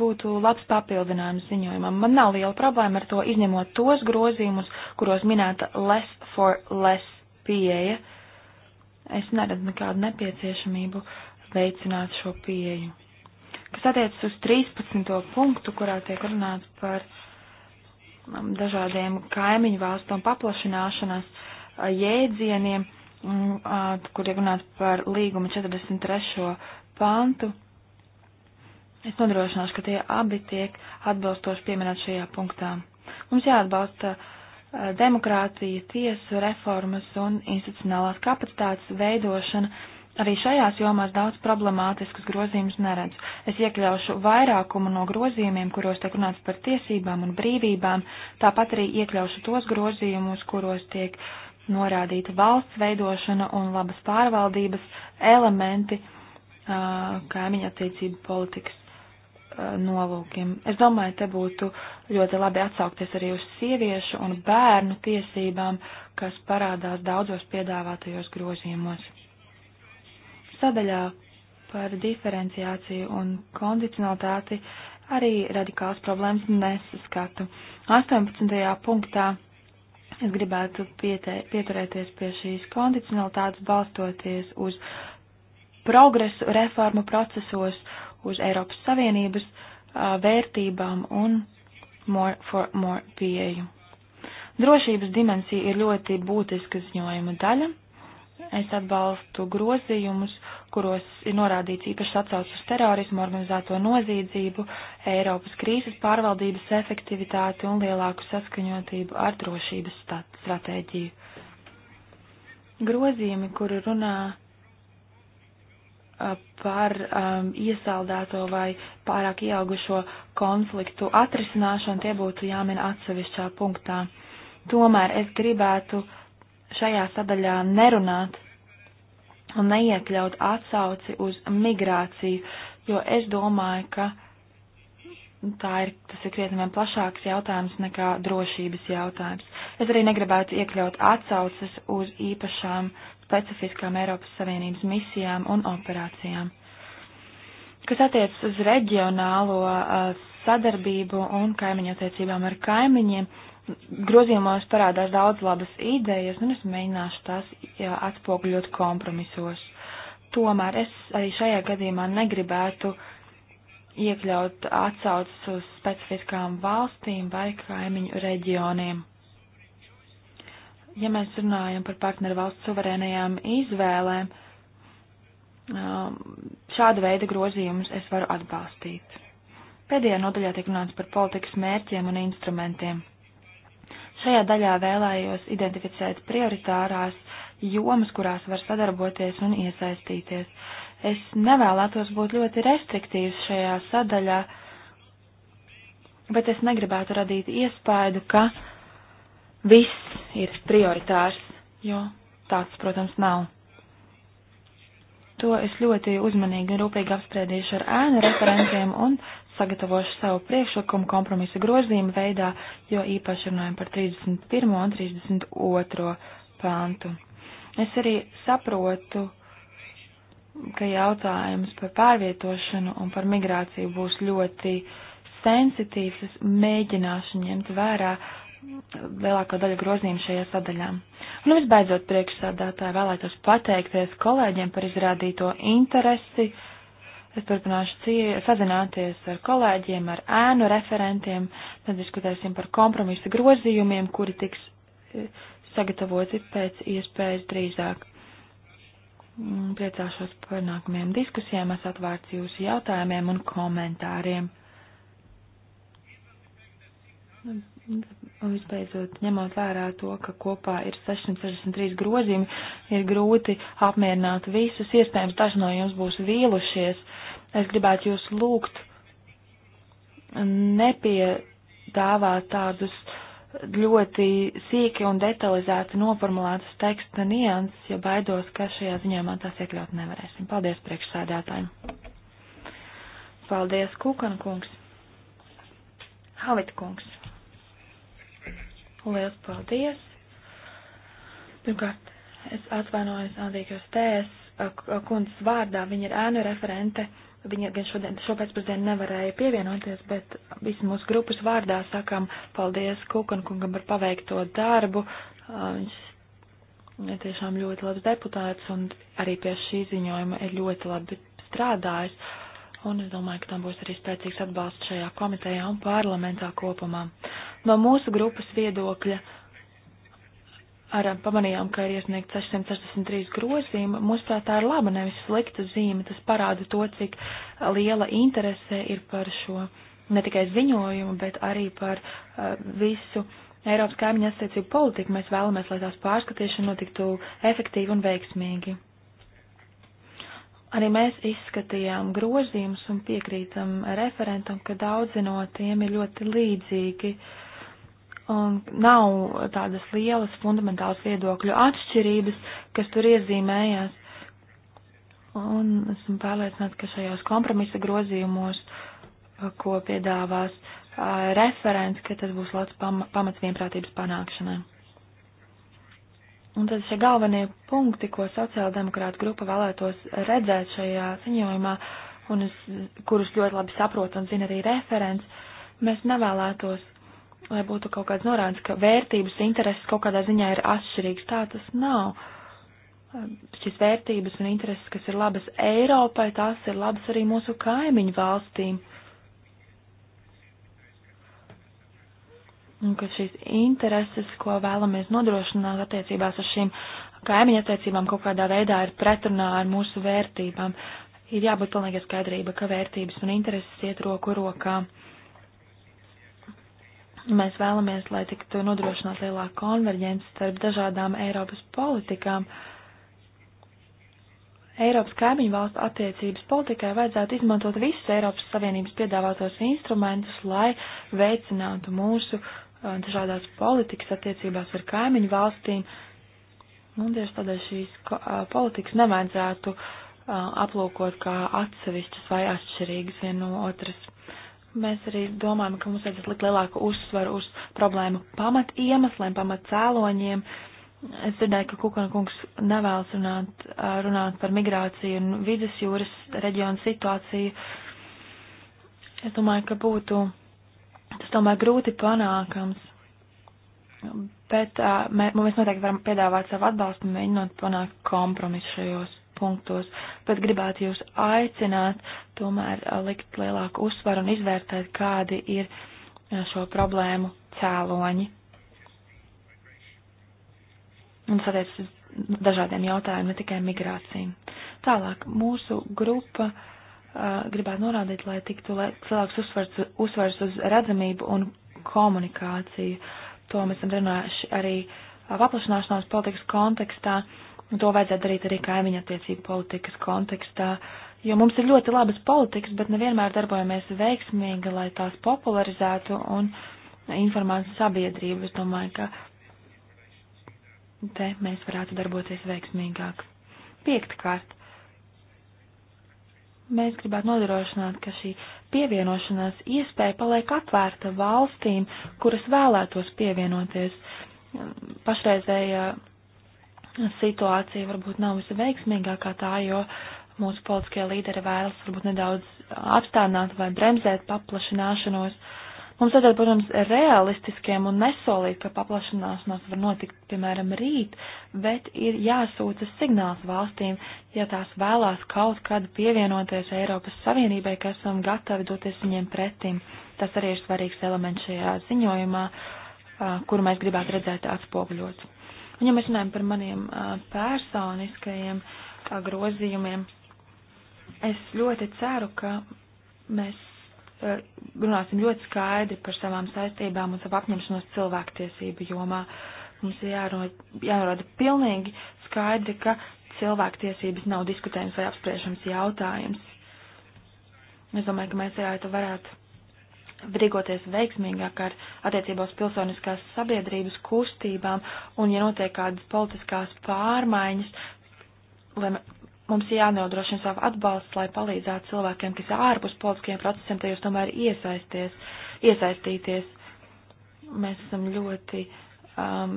būtu labs papildinājums ziņojumam. Man nav liela problēma ar to, izņemot tos grozījumus, kuros minēta less for less pieeja. Es neredzu nekādu nepieciešamību veicināt šo pieeju. Kas attiecas uz 13. punktu, kurā tiek runāts par Um, dažādiem kaimiņu valstu un paplašināšanās uh, jēdzieniem, mm, uh, kur tiek runāts par līguma 43. pantu. Es nodrošināšu, ka tie abi tiek atbilstoši pieminēt šajā punktā. Mums jāatbalsta uh, demokrātija, tiesu reformas un institucionālās kapacitātes veidošana Arī šajās jomās daudz problemātiskas grozījumus neredzu. Es iekļaušu vairākumu no grozījumiem, kuros tiek runāts par tiesībām un brīvībām, tāpat arī iekļaušu tos grozījumus, kuros tiek norādīta valsts veidošana un labas pārvaldības elementi kaimiņa attiecību politikas nolūkiem. Es domāju, te būtu ļoti labi atsaukties arī uz sieviešu un bērnu tiesībām, kas parādās daudzos piedāvātajos grozījumos. Sadaļā par diferenciāciju un kondicionalitāti arī radikāls problēmas nesaskatu. 18. punktā es gribētu piete, pieturēties pie šīs kondicionalitātes balstoties uz progresu reformu procesos, uz Eiropas Savienības uh, vērtībām un more for more pieeju. Drošības dimensija ir ļoti būtiska ziņojuma daļa, Es atbalstu grozījumus, kuros ir norādīts īpašs atsaucis uz terorismu, organizēto noziedzību, Eiropas krīzes pārvaldības efektivitāti un lielāku saskaņotību ar drošības stratēģiju. Grozījumi, kuri runā par um, iesaldēto vai pārāk ieaugušo konfliktu atrisināšanu, tie būtu jāmin atsevišķā punktā. Tomēr es gribētu uh, šajā sadaļā nerunāt un neiekļaut atsauci uz migrāciju, jo es domāju, ka tā ir, tas ir krietni vien plašāks jautājums nekā drošības jautājums. Es arī negribētu iekļaut atsauces uz īpašām specifiskām Eiropas Savienības misijām un operācijām. Kas attiecas uz reģionālo uh, sadarbību un kaimiņattiecībām ar kaimiņiem, uh, grozījumos parādās daudz labas idejas, un es mēģināšu tās jā, atspogļot kompromisos. Tomēr es arī šajā gadījumā negribētu iekļaut atsaucas uz specifiskām valstīm vai kaimiņu reģioniem. Ja mēs runājam par partneru valsts suverēnajām izvēlēm, um, šāda veida grozījumus es varu atbalstīt. Pēdējā nodaļā tiek runāts par politikas mērķiem un instrumentiem. Šajā daļā vēlējos identificēt prioritārās jomas, kurās var sadarboties un iesaistīties. Es nevēlētos būt ļoti restriktīvs šajā sadaļā, bet es negribētu radīt iespēju, ka viss ir prioritārs, jo tāds, protams, nav. To es ļoti uzmanīgi un rūpīgi apspriedīšu ar ēnu referentiem un sagatavošu savu priekšlikumu kompromisa grozījumu veidā, jo īpaši runājam par 31. un 32. pāntu. Es arī saprotu, ka jautājums par pārvietošanu un par migrāciju būs ļoti sensitīvs. Es mēģināšu ņemt vērā uh, lielāko daļu grozījumu šajā sadaļā. Nu, visbeidzot, priekšsādātāji vēlētos pateikties kolēģiem par izrādīto interesi. Es turpināšu sazināties ar kolēģiem, ar ēnu referentiem, tad diskutēsim par kompromisa grozījumiem, kuri tiks eh, sagatavoti pēc iespējas drīzāk. Mm, priecāšos par nākamajām diskusijām, es atvērts jūsu jautājumiem un komentāriem Un visbeidzot, ņemot vērā to, ka kopā ir 663 grozījumi, ir grūti apmierināt visus. Iespējams, daži no jums būs vīlušies. Es gribētu jūs lūgt nepiedāvāt tādus ļoti sīki un detalizēti noformulētus teksta nianses, ja baidos, ka šajā ziņā man tās iekļaut nevarēsim. Paldies priekšsēdētājiem. Paldies, Kukan kungs. Havit kungs. Lielas paldies! Pirmkārt, es atvainojos Andrīkas Tēs kundzes vārdā, viņa ir ēnu referente, viņa gan šodien, šopēcpusdien nevarēja pievienoties, bet visi mūsu grupas vārdā sakām paldies Kukan kungam par paveikto darbu. Viņš ir tiešām ļoti labs deputāts un arī pie šī ziņojuma ir ļoti labi strādājis. Un es domāju, ka tam būs arī spēcīgs atbalsts šajā komitejā un parlamentā kopumā. Uh, No mūsu grupas viedokļa ar, pamanījām, ka ir iesniegt 663 grozījumi. Mūsuprāt, tā ir laba, nevis slikta zīme. Tas parāda to, cik liela interese ir par šo ne tikai ziņojumu, bet arī par uh, visu Eiropas kaimiņu attiecību politiku. Mēs vēlamies, lai tās pārskatīšana notiktu efektīvi un veiksmīgi. Arī mēs izskatījām grozījumus un piekrītam referentam, ka daudzi no tiem ir ļoti līdzīgi. Uh, un nav tādas lielas fundamentālas viedokļu atšķirības, kas tur iezīmējās. Un esmu pārliecināts, ka šajos kompromisa grozījumos, ko piedāvās referents, ka tas būs labs pamats vienprātības panākšanai. Un tad šie galvenie punkti, ko sociāldemokrāta grupa vēlētos redzēt šajā ziņojumā, un es, kurus ļoti labi saprot un zina arī referents, mēs nevēlētos lai būtu kaut kāds norādes, ka vērtības intereses kaut kādā ziņā ir atšķirīgs. Tā tas nav. Šis vērtības un intereses, kas ir labas Eiropai, tās ir labas arī mūsu kaimiņu valstīm. Un ka šīs intereses, ko vēlamies nodrošināt attiecībās ar šīm kaimiņu attiecībām, kaut kādā veidā ir pretrunā ar mūsu vērtībām. Ir jābūt pilnīgi skaidrība, ka vērtības un intereses iet roku rokā. Uh, Mēs vēlamies, lai tiktu nodrošināt lielāku konverģenci starp dažādām Eiropas politikām. Eiropas kaimiņu valstu attiecības politikai vajadzētu izmantot visus Eiropas Savienības piedāvātos instrumentus, lai veicinātu mūsu uh, dažādās politikas attiecībās ar kaimiņu valstīm. Un tieši tādēļ šīs uh, politikas nevajadzētu uh, aplūkot kā atsevišķas vai atšķirīgas viena no otras. Mēs arī domājam, ka mums vajadzētu likt lielāku uzsvaru uz problēmu pamat iemesliem, pamat cēloņiem. Es dzirdēju, ka Kukana kungs nevēlas runāt, runāt par migrāciju un vidas jūras reģionu situāciju. Es domāju, ka būtu tas tomēr grūti panākams. Bet mē, mēs noteikti varam piedāvāt savu atbalstu, mēģinot panākt kompromisu šajos punktos, bet gribētu jūs aicināt tomēr likt lielāku uzsvaru un izvērtēt, kādi ir šo problēmu cēloņi. Un satiec uz dažādiem jautājumiem, ne tikai migrāciju. Tālāk mūsu grupa uh, gribētu norādīt, lai tiktu lai cilvēks uzsvars, uzsvars uz redzamību un komunikāciju. To mēs esam runājuši arī paplašanāšanās politikas kontekstā. Uh, Un to vajadzētu darīt arī kaimiņa attiecību politikas kontekstā, jo mums ir ļoti labas politikas, bet nevienmēr darbojamies veiksmīgi, lai tās popularizētu un informētu sabiedrību. Es domāju, ka te mēs varētu darboties veiksmīgāk. Piektkārt. Mēs gribētu nodrošināt, ka šī pievienošanās iespēja paliek atvērta valstīm, kuras vēlētos pievienoties. Pašreizējā ja situācija varbūt nav visveiksmīgākā tā, jo mūsu politiskie līderi vēlas varbūt nedaudz apstādināt vai bremzēt paplašināšanos. Mums tad, protams, realistiskiem un nesolīt, ka paplašināšanās var notikt, piemēram, rīt, bet ir jāsūtas signāls valstīm, ja tās vēlās kaut kad pievienoties Eiropas Savienībai, ka esam gatavi doties viņiem pretim. Tas arī ir svarīgs elements šajā ziņojumā, kuru mēs gribētu redzēt atspoguļot. Un ja mēs runājam par maniem personiskajiem grozījumiem, es ļoti ceru, ka mēs runāsim ļoti skaidri par savām saistībām un savu apņemšanos cilvēktiesību jomā. Mums ir jānorāda pilnīgi skaidri, ka cilvēktiesības nav diskutējums vai apspriešams jautājums. Es domāju, ka mēs varētu, varētu rīkoties veiksmīgāk ar attiecībos pilsoniskās sabiedrības kustībām un, ja notiek kādas politiskās pārmaiņas, lai mums jānodrošina savu atbalstu, lai palīdzētu cilvēkiem, kas ārpus politiskiem procesiem, tajos tomēr iesaisties, iesaistīties. Mēs esam ļoti um,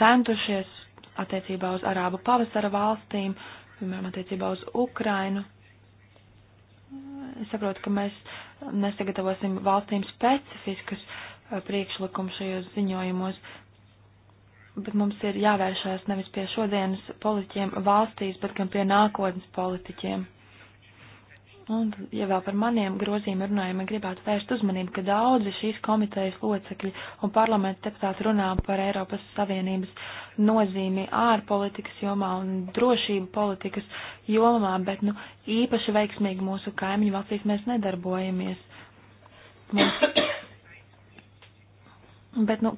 centušies attiecībā uz Arābu pavasara valstīm, piemēram, attiecībā uz Ukrainu, Es saprotu, ka mēs nesagatavosim valstīm specifiskus eh, priekšlikumus šajos ziņojumos, bet mums ir jāvēršās nevis pie šodienas politiķiem valstīs, bet gan pie nākotnes politiķiem. Un, ja vēl par maniem grozījumiem runājam, gribētu vērst uzmanību, ka daudzi šīs komitejas locekļi un parlamenta deputāti runā par Eiropas Savienības uh, nozīmi ārpolitikas jomā un drošību politikas jomā, bet nu, īpaši veiksmīgi mūsu kaimiņu valstīs mēs nedarbojamies. Mums... Bet, nu,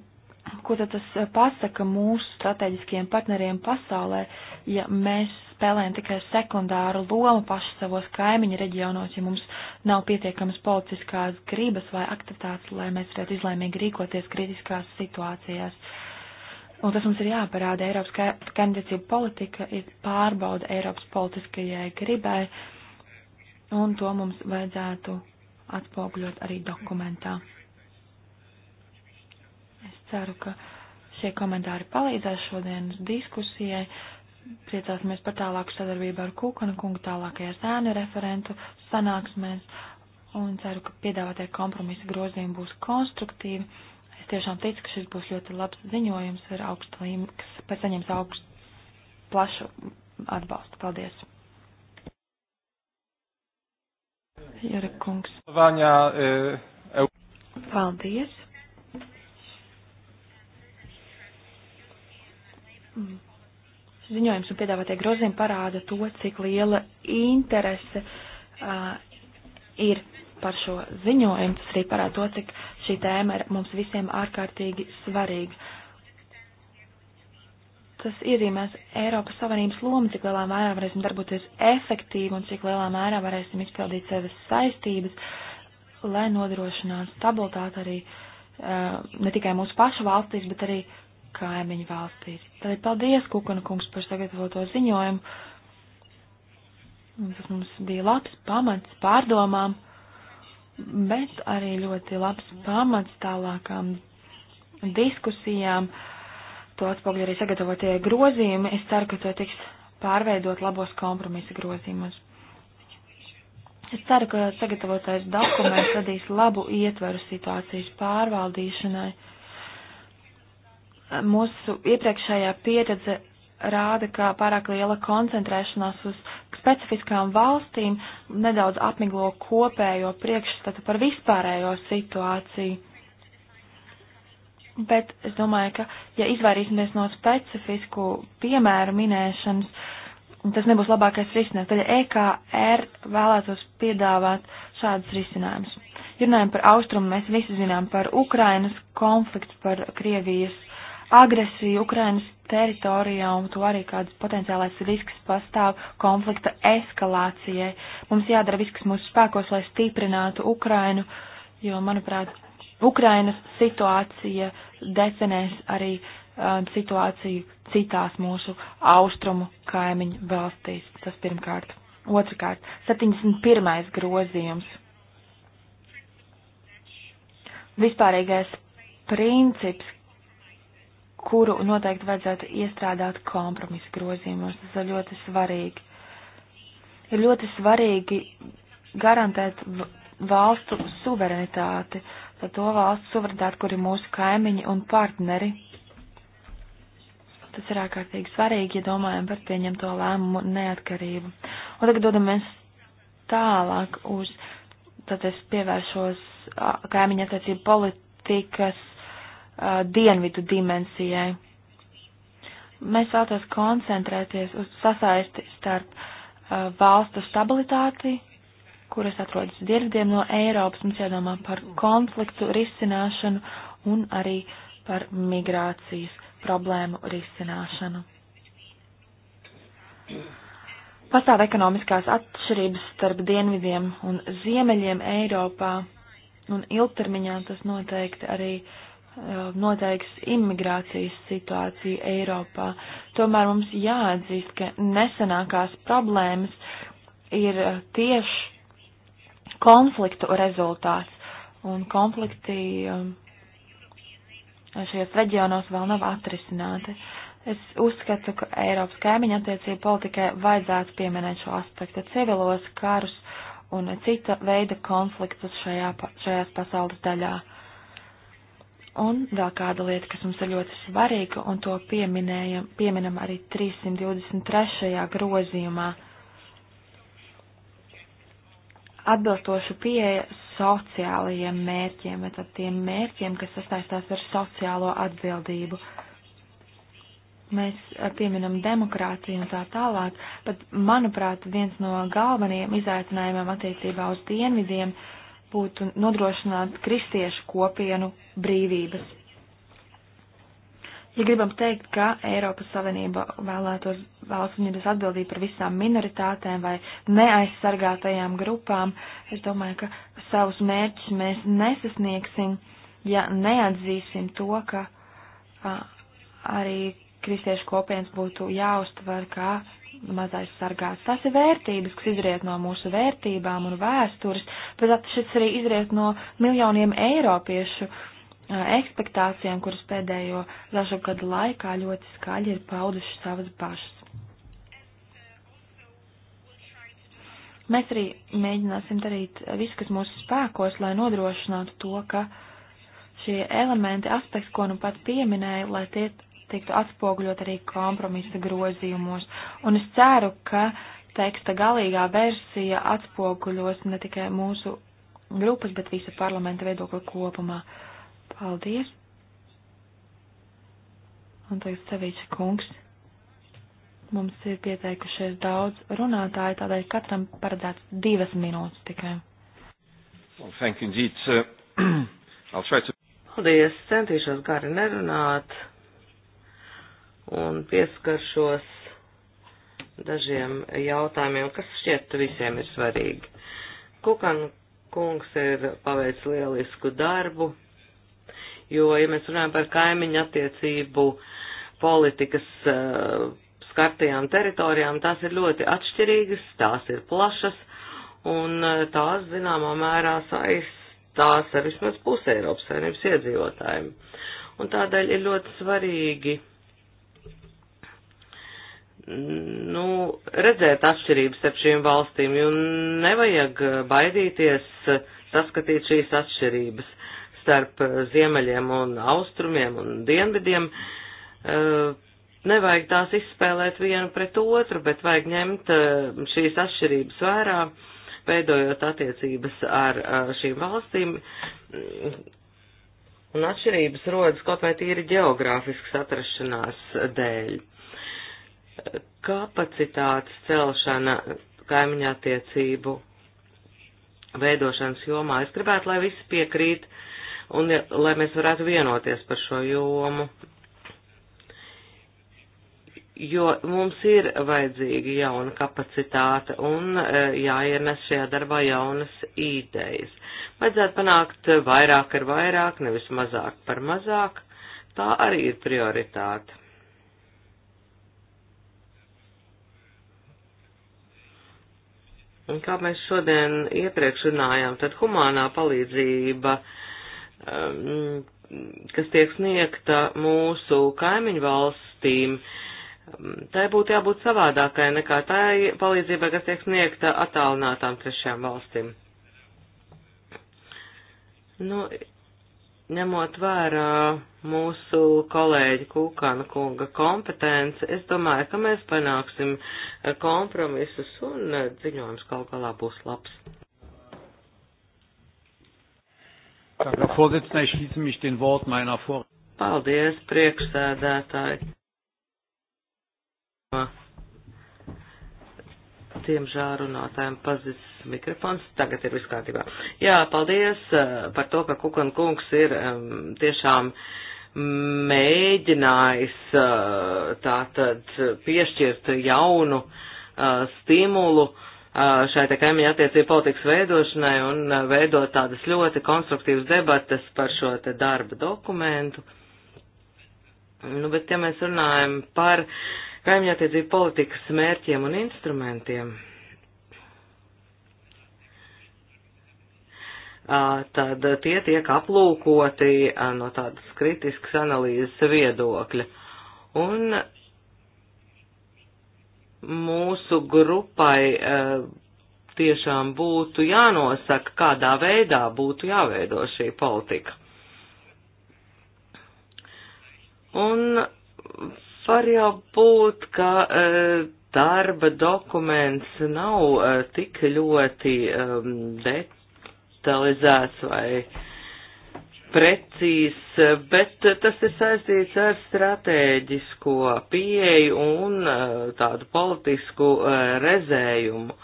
ko tad tas eh, pasaka mūsu strateģiskiem partneriem pasaulē, ja mēs spēlējam tikai sekundāru lomu paši savos kaimiņu reģionos, ja mums nav pietiekamas politiskās gribas vai aktivitātes, lai mēs varētu izlēmīgi rīkoties kritiskās situācijās. Uh, Un tas mums ir jāparāda Eiropas kandidācība politika, ir pārbauda Eiropas politiskajai gribai, un to mums vajadzētu atspoguļot arī dokumentā. Es ceru, ka šie komentāri palīdzēs šodienas diskusijai. Priecāsimies par tālāku sadarbību ar Kūkana kungu tālākajā sēnu referentu sanāksmēs un ceru, ka piedāvātie kompromisa grozījumi būs konstruktīvi Es tiešām ticu, ka šis būs ļoti labs ziņojums ar augstu līmeni, kas pēc saņems augstu plašu atbalstu. Paldies! Jara kungs. Vāņā, e, Paldies! Ziņojums un piedāvātie grozījumi parāda to, cik liela interese uh, ir par šo ziņojumu. Tas arī parāda to, cik šī tēma ir mums visiem ārkārtīgi svarīga. Tas iezīmēs Eiropas Savienības lomu, cik lielā mērā varēsim darboties efektīvi un cik lielā mērā varēsim izpildīt sevis saistības, lai nodrošinātu stabilitāti arī eh, ne tikai mūsu pašu valstīs, bet arī kaimiņu valstīs. Tad paldies, Kukana kungs, par sagatavoto ziņojumu. Un tas mums bija labs pamats pārdomām bet arī ļoti labs pamats tālākām diskusijām. To atspogļ arī sagatavotie grozījumi. Es ceru, ka to tiks pārveidot labos kompromisa grozījumus. Es ceru, ka sagatavotais dokuments radīs labu ietveru situācijas pārvaldīšanai. Mūsu iepriekšējā pieredze rāda, ka pārāk liela koncentrēšanās uz specifiskām valstīm nedaudz apmiglo kopējo priekšstatu par vispārējo situāciju. Bet es domāju, ka ja izvairīsimies no specifisku piemēru minēšanas, tas nebūs labākais risinājums. Tad EKR vēlētos piedāvāt šādus risinājumus. Runājot par austrumu, mēs visi zinām par Ukrainas konfliktu, par Krievijas agresiju Ukrainas teritorijā un to arī kāds potenciālais risks pastāv konflikta eskalācijai. Mums jādara viss, kas mūsu spēkos, lai stiprinātu Ukrainu, jo, manuprāt, Ukrainas situācija definēs arī um, situāciju citās mūsu austrumu kaimiņu valstīs. Tas pirmkārt. Otrakārt, 71. grozījums. Vispārīgais princips, kuru noteikti vajadzētu iestrādāt kompromisa grozījumos. Tas ir ļoti svarīgi. Ir ļoti svarīgi garantēt valstu suverenitāti, tad to valstu suverenitāti, kur ir mūsu kaimiņi un partneri. Tas ir ārkārtīgi svarīgi, ja domājam par pieņemto lēmumu neatkarību. Un tagad dodamies tālāk uz, tad es pievēršos kaimiņa attiecību politikas dienvidu dimensijai. Mēs vēlamies koncentrēties uz sasaisti starp uh, valstu stabilitāti, kuras atrodas dienvidiem no Eiropas. Mums jādomā par konfliktu risināšanu un arī par migrācijas problēmu risināšanu. Pastāv ekonomiskās atšķirības starp dienvidiem un ziemeļiem Eiropā, un ilgtermiņā tas noteikti arī uh, Um, noteiks imigrācijas situāciju Eiropā. Tomēr mums jāatzīst, ka nesenākās problēmas ir uh, tieši konfliktu rezultāts, un konflikti um, šajos reģionos vēl nav atrisināti. Es uzskatu, ka Eiropas kaimiņa attiecību politikai vajadzētu pieminēt šo aspektu civilos karus un cita veida konfliktus šajā, šajās pasaules daļā. Un vēl kāda lieta, kas mums ir ļoti svarīga, un to pieminam arī 323. grozījumā. Atbilstoši pieeja sociālajiem mērķiem, tad tiem mērķiem, kas sastaistās ar sociālo atbildību. Mēs pieminam demokrātiju un tā tālāk, bet, manuprāt, viens no galvenajiem izaicinājumiem attiecībā uz dienvidiem ir būtu nodrošināt kristiešu kopienu brīvības. Ja gribam teikt, ka Eiropas Savienība vēlētos valsts viņas atbildību par visām minoritātēm vai neaizsargātajām grupām, es domāju, ka savus mērķus mēs nesasniegsim, ja neatzīsim to, ka a, arī kristiešu kopienas būtu jāuztver kā mazais sargāts. Tās ir vērtības, kas izriet no mūsu vērtībām un vēstures, bet šis arī izriet no miljoniem eiropiešu ekspektācijām, kuras pēdējo dažu gadu laikā ļoti skaļi ir pauduši savas pašas. Mēs arī mēģināsim darīt visu, kas mūsu spēkos, lai nodrošinātu to, ka šie elementi, aspekti, ko nu pat pieminēju, lai tie tiktu atspoguļot arī kompromisa grozījumos. Un es ceru, ka teksta galīgā versija atspoguļos ne tikai mūsu grupas, bet visa parlamenta viedokli kopumā. Paldies! Un tagad Savīča kungs. Mums ir pieteikušies daudz runātāju, tādēļ katram paredzēts divas minūtes tikai. Well, thank you indeed. Uh, I'll try to... Paldies, centīšos gari nerunāt un pieskaršos dažiem jautājumiem, kas šķiet visiem ir svarīgi. Kukan kungs ir paveicis lielisku darbu, jo, ja mēs runājam par kaimiņu attiecību politikas uh, skartajām teritorijām, tās ir ļoti atšķirīgas, tās ir plašas, un uh, tās, zināmā mērā, saistās ar vismaz pusi Eiropas saimnības iedzīvotājiem. Un tādēļ ir ļoti svarīgi nu, redzēt atšķirības starp šīm valstīm, un nevajag baidīties saskatīt šīs atšķirības starp ziemeļiem un austrumiem un dienvidiem. Eh, nevajag tās izspēlēt vienu pret otru, bet vajag ņemt eh, šīs atšķirības vērā, veidojot attiecības ar eh, šīm valstīm. Un atšķirības rodas kaut vai tīri geogrāfiskas atrašanās dēļ kapacitātes celšana kaimiņā tiecību veidošanas jomā. Es gribētu, lai visi piekrīt un ja, lai mēs varētu vienoties par šo jomu, jo mums ir vajadzīga jauna kapacitāte un e, jāienes šajā darbā jaunas idejas. Vajadzētu panākt vairāk ar vairāk, nevis mazāk par mazāk. Tā arī ir prioritāte. Un kā mēs šodien iepriekš runājām, tad humānā palīdzība, um, kas tiek sniegta mūsu kaimiņu valstīm, um, tai būtu jābūt savādākai nekā tā palīdzība, kas tiek sniegta attālinātām trešajām valstīm. Nu, Ņemot vērā mūsu kolēģi Kūkana kunga kompetenci, es domāju, ka mēs panāksim eh, kompromisus un eh, ziņojums kaut galā būs labs. Herr Vorsitzender, ich schließe mich den Wort meiner Vor. Paldies, priekšsēdētāji. Tiem žārunātājiem pazīst mikrofons. Tagad ir viss kārtībā. Jā, paldies eh, par to, ka Kukan kungs ir tiešām mēģinājis eh, tātad piešķirt jaunu eh, stimulu šai te kaimiņa attiecību politikas veidošanai un veidot tādas ļoti konstruktīvas debatas par šo te darba dokumentu. Nu, bet ja mēs runājam par kaimiņa attiecību politikas mērķiem un instrumentiem. tad tie tiek aplūkoti no tādas kritiskas analīzes viedokļa. Un mūsu grupai tiešām būtu jānosaka, kādā veidā būtu jāveido šī politika. Un var jau būt, ka darba dokuments nav tik ļoti detaļs detalizēts vai precīzs, bet tas ir saistīts ar stratēģisko pieeju un eh, tādu politisku eh, rezējumu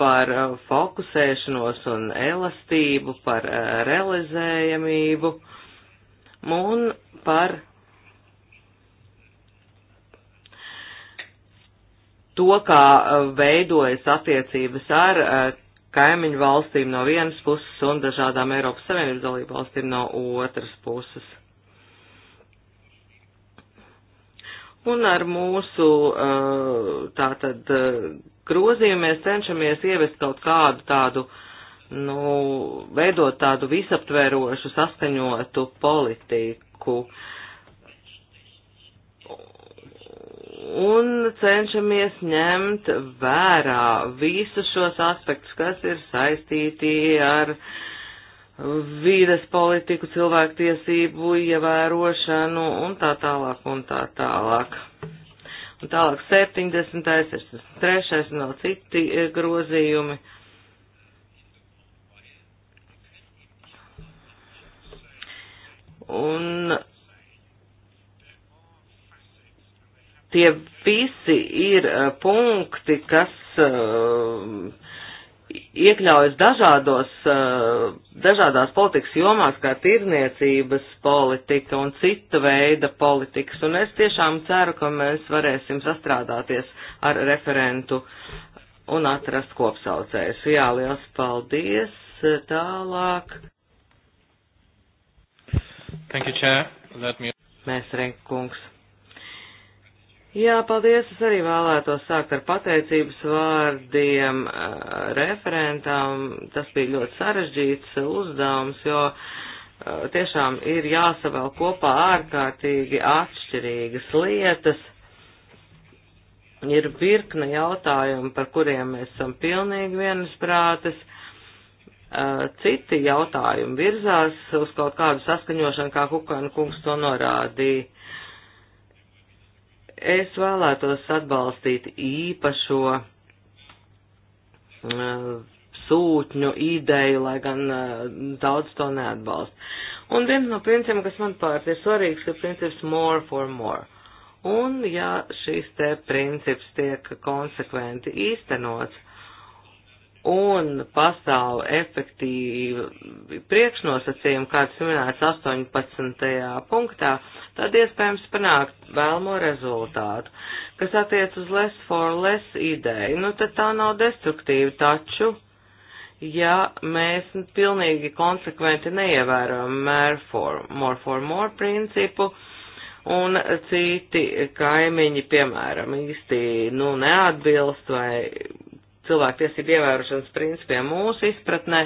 par eh, fokusēšanos un elastību, par realizējamību un par to, kā veidojas attiecības ar kaimiņu valstīm no vienas puses un dažādām Eiropas Savienības dalību valstīm no otras puses. Un ar mūsu uh, tātad uh, grozījumu mēs cenšamies ievest kaut kādu tādu, nu, veidot tādu visaptverošu saskaņotu politiku. Uh, un cenšamies ņemt vērā visus šos aspektus, kas ir saistīti ar vīdes politiku, cilvēktiesību ievērošanu un tā tālāk un tā tālāk. Un tālāk 70. 63. un vēl citi e, grozījumi. Un Tie visi ir e, punkti, kas e, iekļaujas dažādos, e, dažādās politikas jomās, kā tirniecības politika un cita veida politikas, un es tiešām ceru, ka mēs varēsim sastrādāties ar referentu un atrast kopsaucējus. Jā, liels paldies! Tālāk. Thank you, Chair. Let me... Mēs, Renkungs. Jā, paldies. Es arī vēlētos sākt ar pateicības vārdiem eh, referentam. Tas bija ļoti sarežģīts uzdevums, jo eh, tiešām ir jāsavēl kopā ārkārtīgi atšķirīgas lietas. Ir virkne jautājumu, par kuriem mēs esam pilnīgi vienas prātes. Eh, citi jautājumi virzās uz kaut kādu saskaņošanu, kā Kukana kungs to norādīja Es vēlētos atbalstīt īpašo uh, sūtņu ideju, lai gan uh, daudz to neatbalst. Un viens no principiem, kas man pārts ir svarīgs, ir princips more for more. Un ja šīs te princips tiek konsekventi īstenots, un pastāv efektīvi priekšnosacījumi, kāds minēts 18. punktā, tad iespējams panākt vēlmo rezultātu. Kas attiec uz less for less ideju, nu tad tā nav destruktīva, taču, ja mēs pilnīgi konsekventi neievērojam more for more, for more principu, un citi kaimiņi, piemēram, īsti, nu, neatbilst vai cilvēktiesību ievērošanas principiem mūsu izpratnē,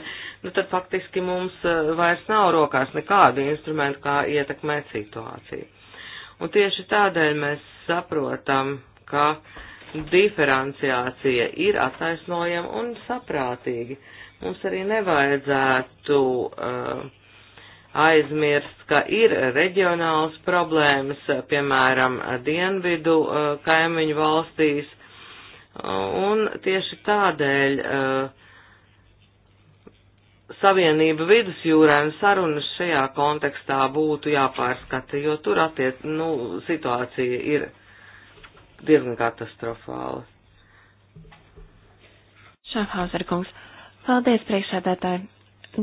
nu tad faktiski mums eh, vairs nav rokās nekādu instrumentu, kā ietekmēt situāciju. Un tieši tādēļ mēs saprotam, ka diferenciācija ir attaisnojama un saprātīgi. Mums arī nevajadzētu uh, aizmirst, ka ir reģionāls problēmas, piemēram, dienvidu uh, kaimiņu valstīs, Un tieši tādēļ uh, Savienība vidusjūrā un sarunas šajā kontekstā būtu jāpārskata, jo tur attiec, nu, situācija ir diezgan katastrofāla. Šafhauser kungs, paldies priekšsēdētāji.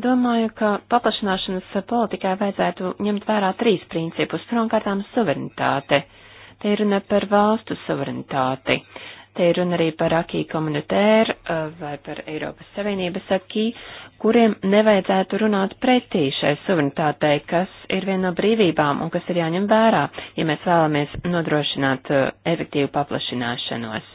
Domāju, ka paplašināšanas politikai vajadzētu ņemt vērā trīs principus. Pirmkārtām suverenitāte. Te ir runa par valstu suverenitāti. Te ir runa arī par akī komunitēru eh, vai par Eiropas Savienības akī, kuriem nevajadzētu runāt pretī šai suverenitātei, kas ir viena no brīvībām un kas ir jāņem vērā, ja mēs vēlamies nodrošināt eh, efektīvu paplašināšanos.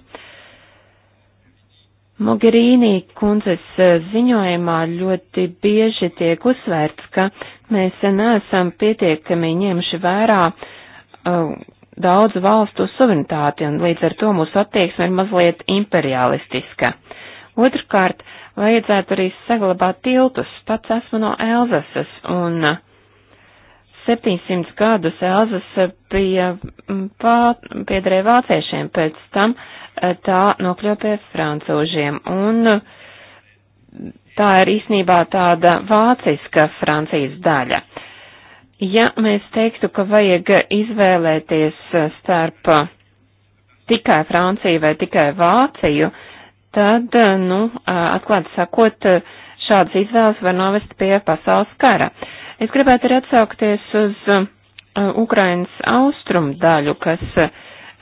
Mogherīnī kundzes eh, ziņojumā ļoti bieži tiek uzsvērts, ka mēs neesam pietiekami ņemši vērā uh, daudzu valstu suverenitāti, un līdz ar to mūsu attieksme ir mazliet imperialistiska. Otrkārt, vajadzētu arī saglabāt tiltus. Pats esmu no Elzasas, un 700 uh, gadus Elzas bija mm, piederēja vāciešiem, pēc tam uh, tā nokļuva pie francūžiem, un uh, tā ir īsnībā tāda vāciska Francijas daļa. Ja mēs teiktu, ka vajag izvēlēties starp tikai Franciju vai tikai Vāciju, tad, nu, atklāti sakot, šādas izvēles var novest pie pasaules kara. Es gribētu arī atsaukties uz uh, Ukrainas austrumu daļu, kas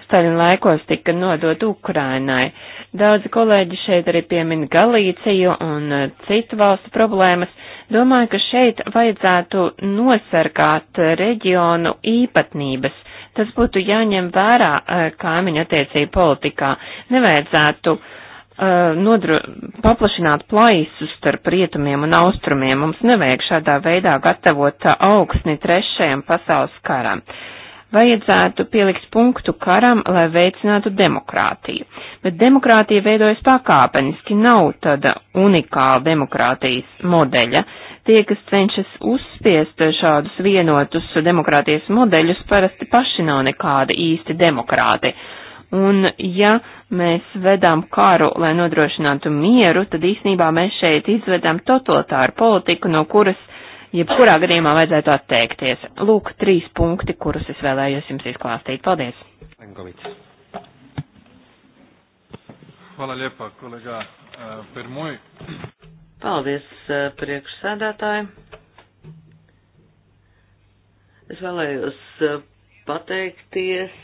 Staļina laikos tika nodot Ukrainai. Daudzi kolēģi šeit arī piemin Galīciju un citu valstu problēmas Domāju, ka šeit vajadzētu nosargāt reģionu īpatnības. Tas būtu jāņem vērā eh, kaimiņu attiecību politikā. Nevajadzētu uh, nodru, paplašināt plaisu starp rietumiem un austrumiem. Mums nevajag šādā veidā gatavot eh, augsni trešajam pasaules karam. Uh, vajadzētu pielikt punktu karam, lai veicinātu demokrātiju. Bet demokrātija veidojas pakāpeniski, nav tāda unikāla demokrātijas modeļa. Tie, kas cenšas uzspiest šādus vienotus demokrātijas modeļus, parasti paši nav nekādi īsti demokrāti. Un ja mēs vedām karu, lai nodrošinātu mieru, tad īsnībā mēs šeit izvedām totalitāru politiku, no kuras uh, jebkurā gadījumā vajadzētu atteikties. Lūk, trīs punkti, kurus es vēlējos jums izklāstīt. Paldies! Hvala lijepa, kolega eh, Permuj. Paldies, eh, priekšsēdētāji. Es vēlējos eh, pateikties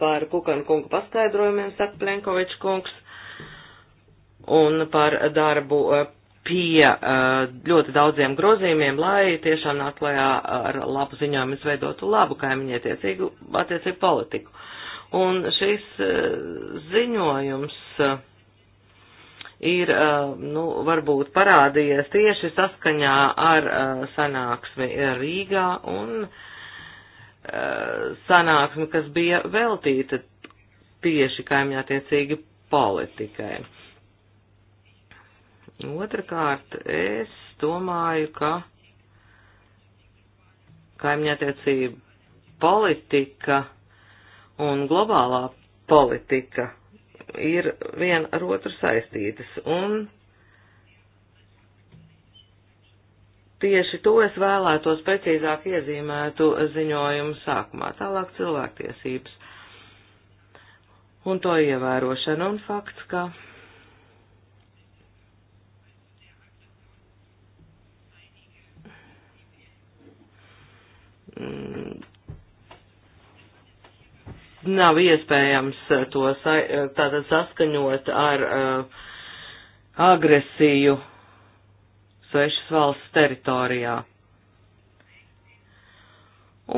par Kukana kunga paskaidrojumiem, saka Plenkovičs kungs, un par darbu pie eh, ļoti daudziem grozījumiem, lai tiešām nāk klajā eh, ar labu ziņām izveidotu labu kaimiņietiecīgu attiecību politiku. Un šis eh, ziņojums ir, nu, varbūt parādījies tieši saskaņā ar sanāksmi Rīgā un sanāksmi, kas bija veltīta tieši kaimiņattiecīgi politikai. Otrakārt, es domāju, ka kaimiņattiecība politika un globālā politika ir viena ar otru saistītas. Un tieši to es vēlētos precīzāk iezīmētu ziņojumu sākumā. Tālāk cilvēktiesības un to ievērošana un fakts, ka Mm. nav iespējams eh, to eh, tātad saskaņot ar uh, agresiju svešas valsts teritorijā.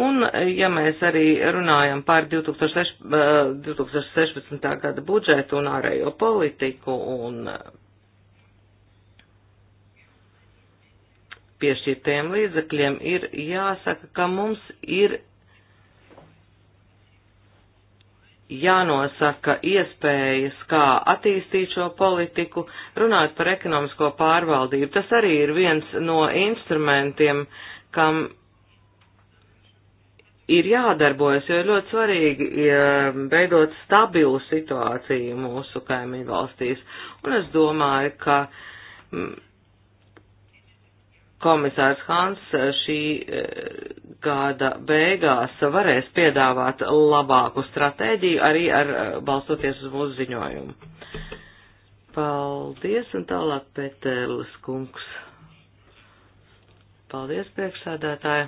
Un, ja mēs arī runājam par 2016. gada budžetu un ārējo politiku un piešķirtajiem līdzekļiem ir jāsaka, ka mums ir jānosaka iespējas, kā attīstīt šo politiku, runāt par ekonomisko pārvaldību. Tas arī ir viens no instrumentiem, kam ir jādarbojas, jo ir ļoti svarīgi veidot stabilu situāciju mūsu kaimiņu valstīs. Un es domāju, ka mm, komisārs Hans eh, šī eh, gada beigās varēs piedāvāt labāku stratēģiju arī ar eh, balstoties uz mūsu ziņojumu. Paldies un tālāk Pēterlis kungs. Paldies priekšsādātāji.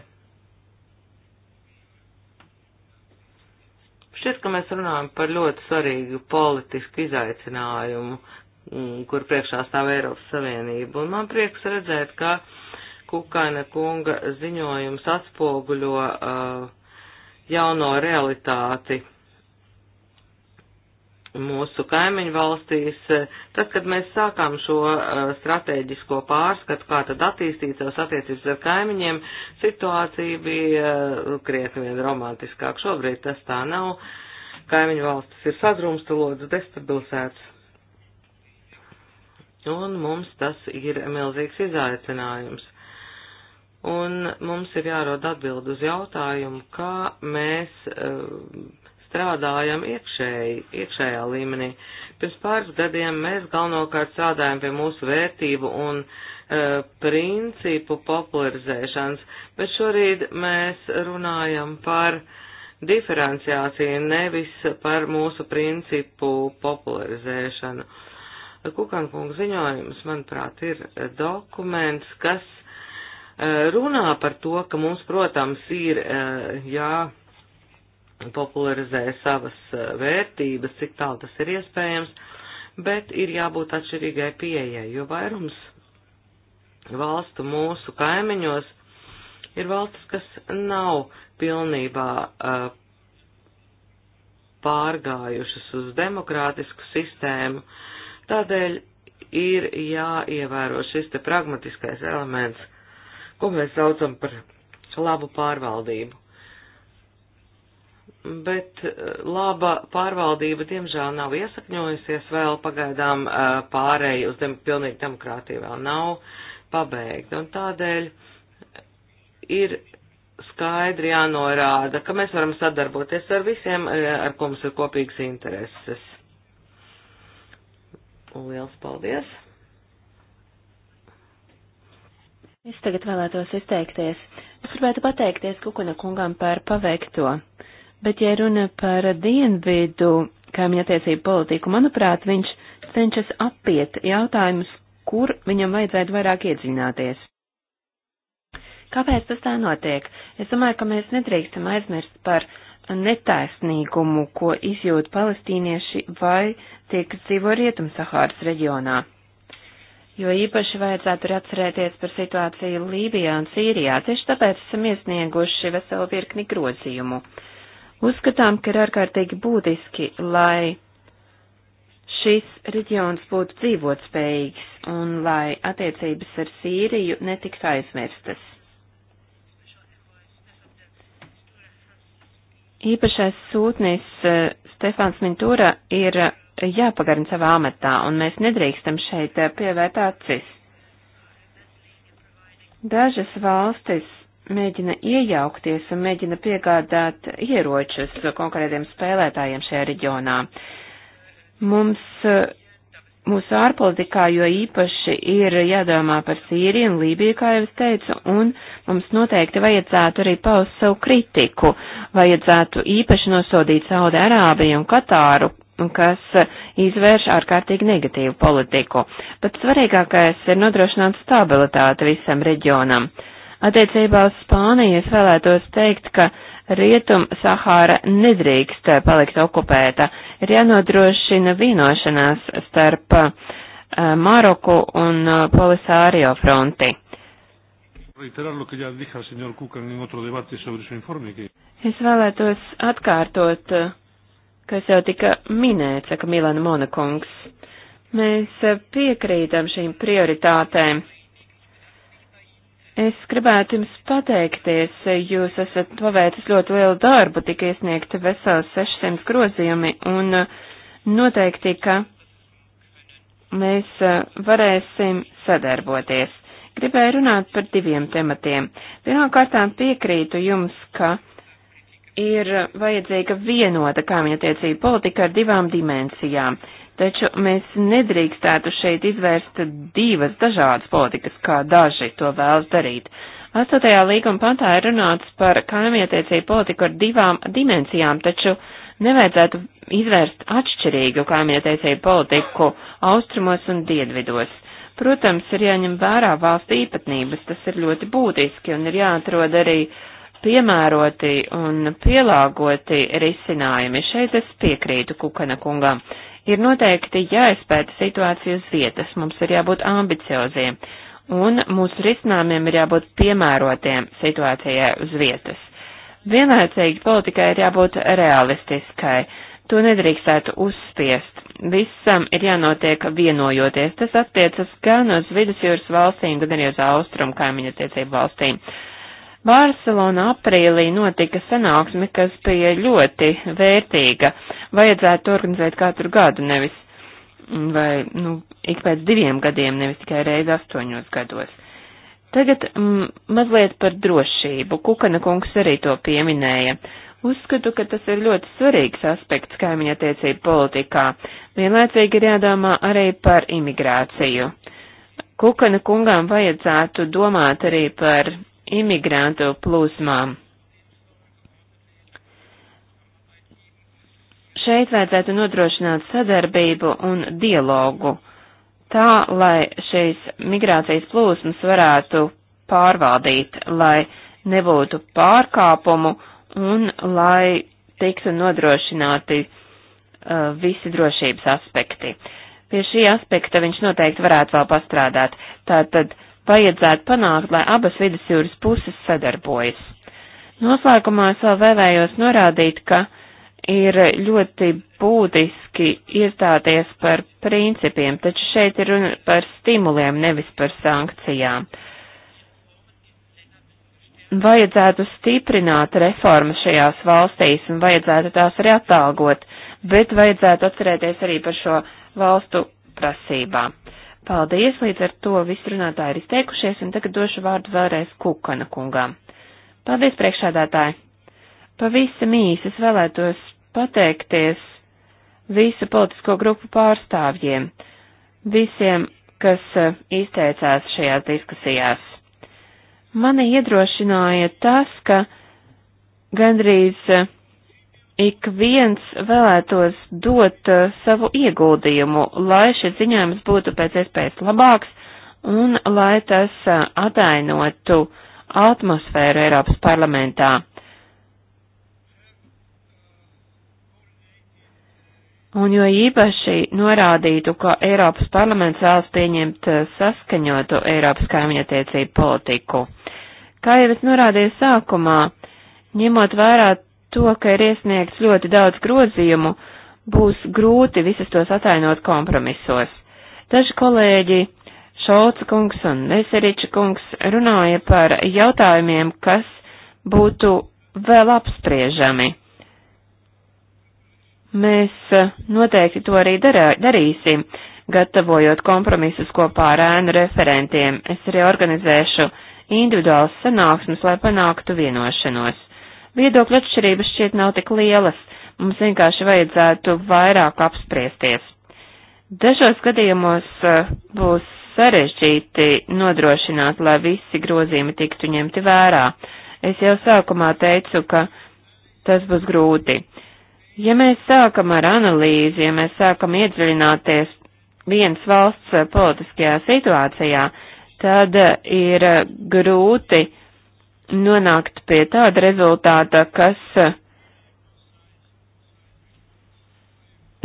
Šķiet, ka mēs runājam par ļoti svarīgu politisku izaicinājumu, mm, kur priekšā stāv Eiropas Savienība. Un man prieks redzēt, ka uh, Kukaina kunga ziņojums atspoguļo uh, jauno realitāti mūsu kaimiņu valstīs. Tad, kad mēs sākām šo uh, strateģisko pārskatu, kā tad attīstīt savas attiecības ar kaimiņiem, situācija bija uh, krietni vien romantiskāk. Šobrīd tas tā nav. Kaimiņu valstis ir sadrumstalotas, destabilizētas. Un mums tas ir milzīgs izaicinājums un mums ir jārod atbild uz jautājumu, kā mēs uh, strādājam iekšēji, iekšējā līmenī. Pirms pāris gadiem mēs galvenokārt strādājam pie mūsu vērtību un uh, principu popularizēšanas, bet šorīd mēs runājam par diferenciāciju, nevis par mūsu principu popularizēšanu. Kukankungu ziņojums, manuprāt, ir dokuments, kas Eh, runā par to, ka mums, protams, ir eh, jāpopularizē savas eh, vērtības, cik tālu tas ir iespējams, bet ir jābūt atšķirīgai pieejai, jo vairums valstu mūsu kaimiņos ir valstis, kas nav pilnībā pārgājušas uz demokrātisku sistēmu, tādēļ ir jāievēro šis te pragmatiskais elements, ko mēs saucam par labu pārvaldību. Bet eh, laba pārvaldība, diemžēl, nav iesakņojusies vēl pagaidām eh, pārēju uz dem, pilnīgi demokrātiju vēl nav pabeigta. Un tādēļ ir skaidri jānorāda, ka mēs varam sadarboties ar visiem, eh, ar ko mums ir kopīgas intereses. Un liels paldies! Es tagad vēlētos izteikties. Es gribētu pateikties Kukuna kungam par paveikto, bet, ja runa par dienvidu kaimiņa attiecību politiku, manuprāt, viņš cenšas apiet jautājumus, kur viņam vajadzētu vairāk iedziļināties. Kāpēc tas tā notiek? Es domāju, ka mēs nedrīkstam aizmirst par netaisnīgumu, ko izjūt palestīnieši vai tie, kas dzīvo Rietum-Sahāras reģionā jo īpaši vajadzētu arī atcerēties par situāciju Lībijā un Sīrijā, tieši tāpēc esam iesnieguši veselu virkni grozījumu. Uzskatām, ka ir ārkārtīgi būtiski, lai šis reģions būtu dzīvotspējīgs un lai attiecības ar Sīriju netiks aizmirstas. Īpašais sūtnis eh, Stefāns Mintūra ir jāpagarina savā amatā, un mēs nedrīkstam šeit eh, pievērt acis. Dažas valstis mēģina iejaukties un mēģina piegādāt ieročus konkrētiem spēlētājiem šajā reģionā. Mums, eh, mūsu ārpolitikā, jo īpaši ir jādomā par Sīriju un Lībiju, kā jau es teicu, un mums noteikti vajadzētu arī paust savu kritiku, vajadzētu īpaši nosodīt Saudi Arābiju un Katāru kas e, izvērš ārkārtīgi negatīvu politiku. Pat svarīgākais ir nodrošināt stabilitāti visam reģionam. Attiecībā uz Spāniju es vēlētos teikt, ka Rietum Sahāra nedrīkst palikt okupēta, ir jānodrošina vienošanās starp uh, Maroku un uh, Polisario fronti. Es vēlētos atkārtot uh, kas jau tika minēts, saka Milana Monakungs. Mēs e, piekrītam šīm prioritātēm. Es gribētu jums pateikties, e, jūs esat paveicis ļoti lielu darbu, tika iesniegti vesels 600 grozījumi, un e, noteikti, ka mēs varēsim sadarboties. Gribēju runāt par diviem tematiem. Pirmkārtām piekrītu jums, ka ir vajadzīga vienota kaimiņa tiecība politika ar divām dimensijām, taču mēs nedrīkstētu šeit izvērst divas dažādas politikas, kā daži to vēlas darīt. Astotajā līguma pantā ir runāts par kaimietiecību politiku ar divām dimensijām, taču nevajadzētu izvērst atšķirīgu kaimietiecību politiku austrumos un dienvidos. Protams, ir jāņem vērā valsts īpatnības, tas ir ļoti būtiski un ir jāatrod arī uh, piemēroti un pielāgoti risinājumi. Šeit es piekrītu Kukana kungam. Ir noteikti jāizpēta situācijas vietas, mums ir jābūt ambicioziem, un mūsu risinājumiem ir jābūt piemērotiem situācijai uz vietas. Vienlaicīgi politikai ir jābūt realistiskai, to nedrīkstētu uzspiest. Visam ir jānotiek vienojoties, tas attiecas gan uz vidusjūras valstīm, gan arī uz austrumu kaimiņu attiecību valstīm. Uh, Barcelona aprīlī notika sanāksme, kas bija ļoti vērtīga. Vajadzētu organizēt katru gadu, nevis mm, vai, nu, ik pēc diviem gadiem, nevis tikai reizi astoņos gados. Tagad mm, mazliet par drošību. Kukana kungs arī to pieminēja. Uzskatu, ka tas ir ļoti svarīgs aspekts kaimiņa attiecību politikā. Vienlaicīgi ir jādomā arī par imigrāciju. Kukana kungām vajadzētu domāt arī par imigrantu plūsmām. Šeit vajadzētu nodrošināt sadarbību un dialogu, tā lai šīs migrācijas plūsmas varētu pārvaldīt, lai nebūtu pārkāpumu un lai tiktu nodrošināti uh, visi drošības aspekti. Pie šī aspekta viņš noteikti varētu vēl pastrādāt. Tātad vajadzētu panākt, lai abas vidusjūras puses sadarbojas. Noslēgumā es vēl vēlējos norādīt, ka ir ļoti būtiski iestāties par principiem, taču šeit ir runa par stimuliem, nevis par sankcijām. Vajadzētu stiprināt reformas šajās valstīs un vajadzētu tās arī atalgot, bet vajadzētu atcerēties arī par šo valstu prasībām. Paldies, līdz ar to visi runātāji ir izteikušies, un tagad došu vārdu vēlreiz Kukana kungām. Paldies, priekšādātāji! Pavisam īsi es vēlētos pateikties visu politisko grupu pārstāvjiem, visiem, kas eh, izteicās šajās diskusijās. Mani iedrošināja tas, ka gandrīz eh, ik viens vēlētos dot uh, savu ieguldījumu, lai šis ziņojums būtu pēc iespējas labāks un lai tas uh, atainotu atmosfēru Eiropas parlamentā. Un jo īpaši norādītu, ka Eiropas parlaments vēlas pieņemt uh, saskaņotu Eiropas kaimiņattiecību politiku. Kā jau es norādīju sākumā, ņemot vērā to, ka ir iesniegts ļoti daudz grozījumu, būs grūti visus tos atainot kompromisos. Daži kolēģi, Šolca kungs un Veseriča kungs, runāja par jautājumiem, kas būtu vēl apspriežami. Mēs eh, noteikti to arī darā, darīsim, gatavojot kompromisus kopā ar ēnu referentiem. Es arī organizēšu individuāls sanāksmes, lai panāktu vienošanos. Viedokļu atšķirības šķiet nav tik lielas, mums vienkārši vajadzētu vairāk apspriesties. Dažos gadījumos eh, būs sarežģīti nodrošināt, lai visi grozījumi tiktu ņemti vērā. Es jau sākumā teicu, ka tas būs grūti. Ja mēs sākam ar analīzi, ja mēs sākam iedziļināties vienas valsts eh, politiskajā situācijā, tad eh, ir grūti nonākt pie tāda rezultāta, kas eh,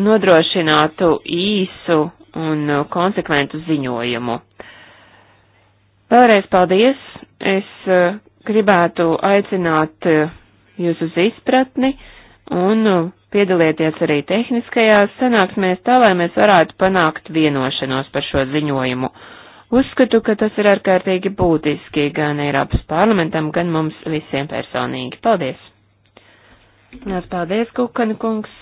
nodrošinātu īsu un eh, konsekventu ziņojumu. Vēlreiz paldies! Es eh, gribētu aicināt jūs uz izpratni un piedalieties arī tehniskajās sanāksmēs tā, lai mēs varētu panākt vienošanos par šo ziņojumu. Uzskatu, ka tas ir ārkārtīgi būtiski gan Eiropas parlamentam, gan mums visiem personīgi. Paldies! Nāc, paldies, Kukana kungs!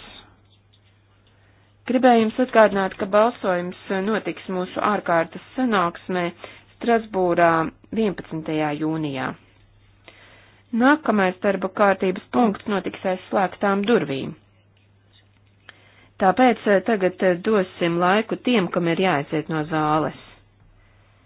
Gribēju jums atgādināt, ka balsojums notiks mūsu ārkārtas sanāksmē Strasbūrā 11. jūnijā. Nākamais darba kārtības punkts notiks aiz slēgtām durvīm. Tāpēc tagad dosim laiku tiem, kam ir jāiziet no zāles.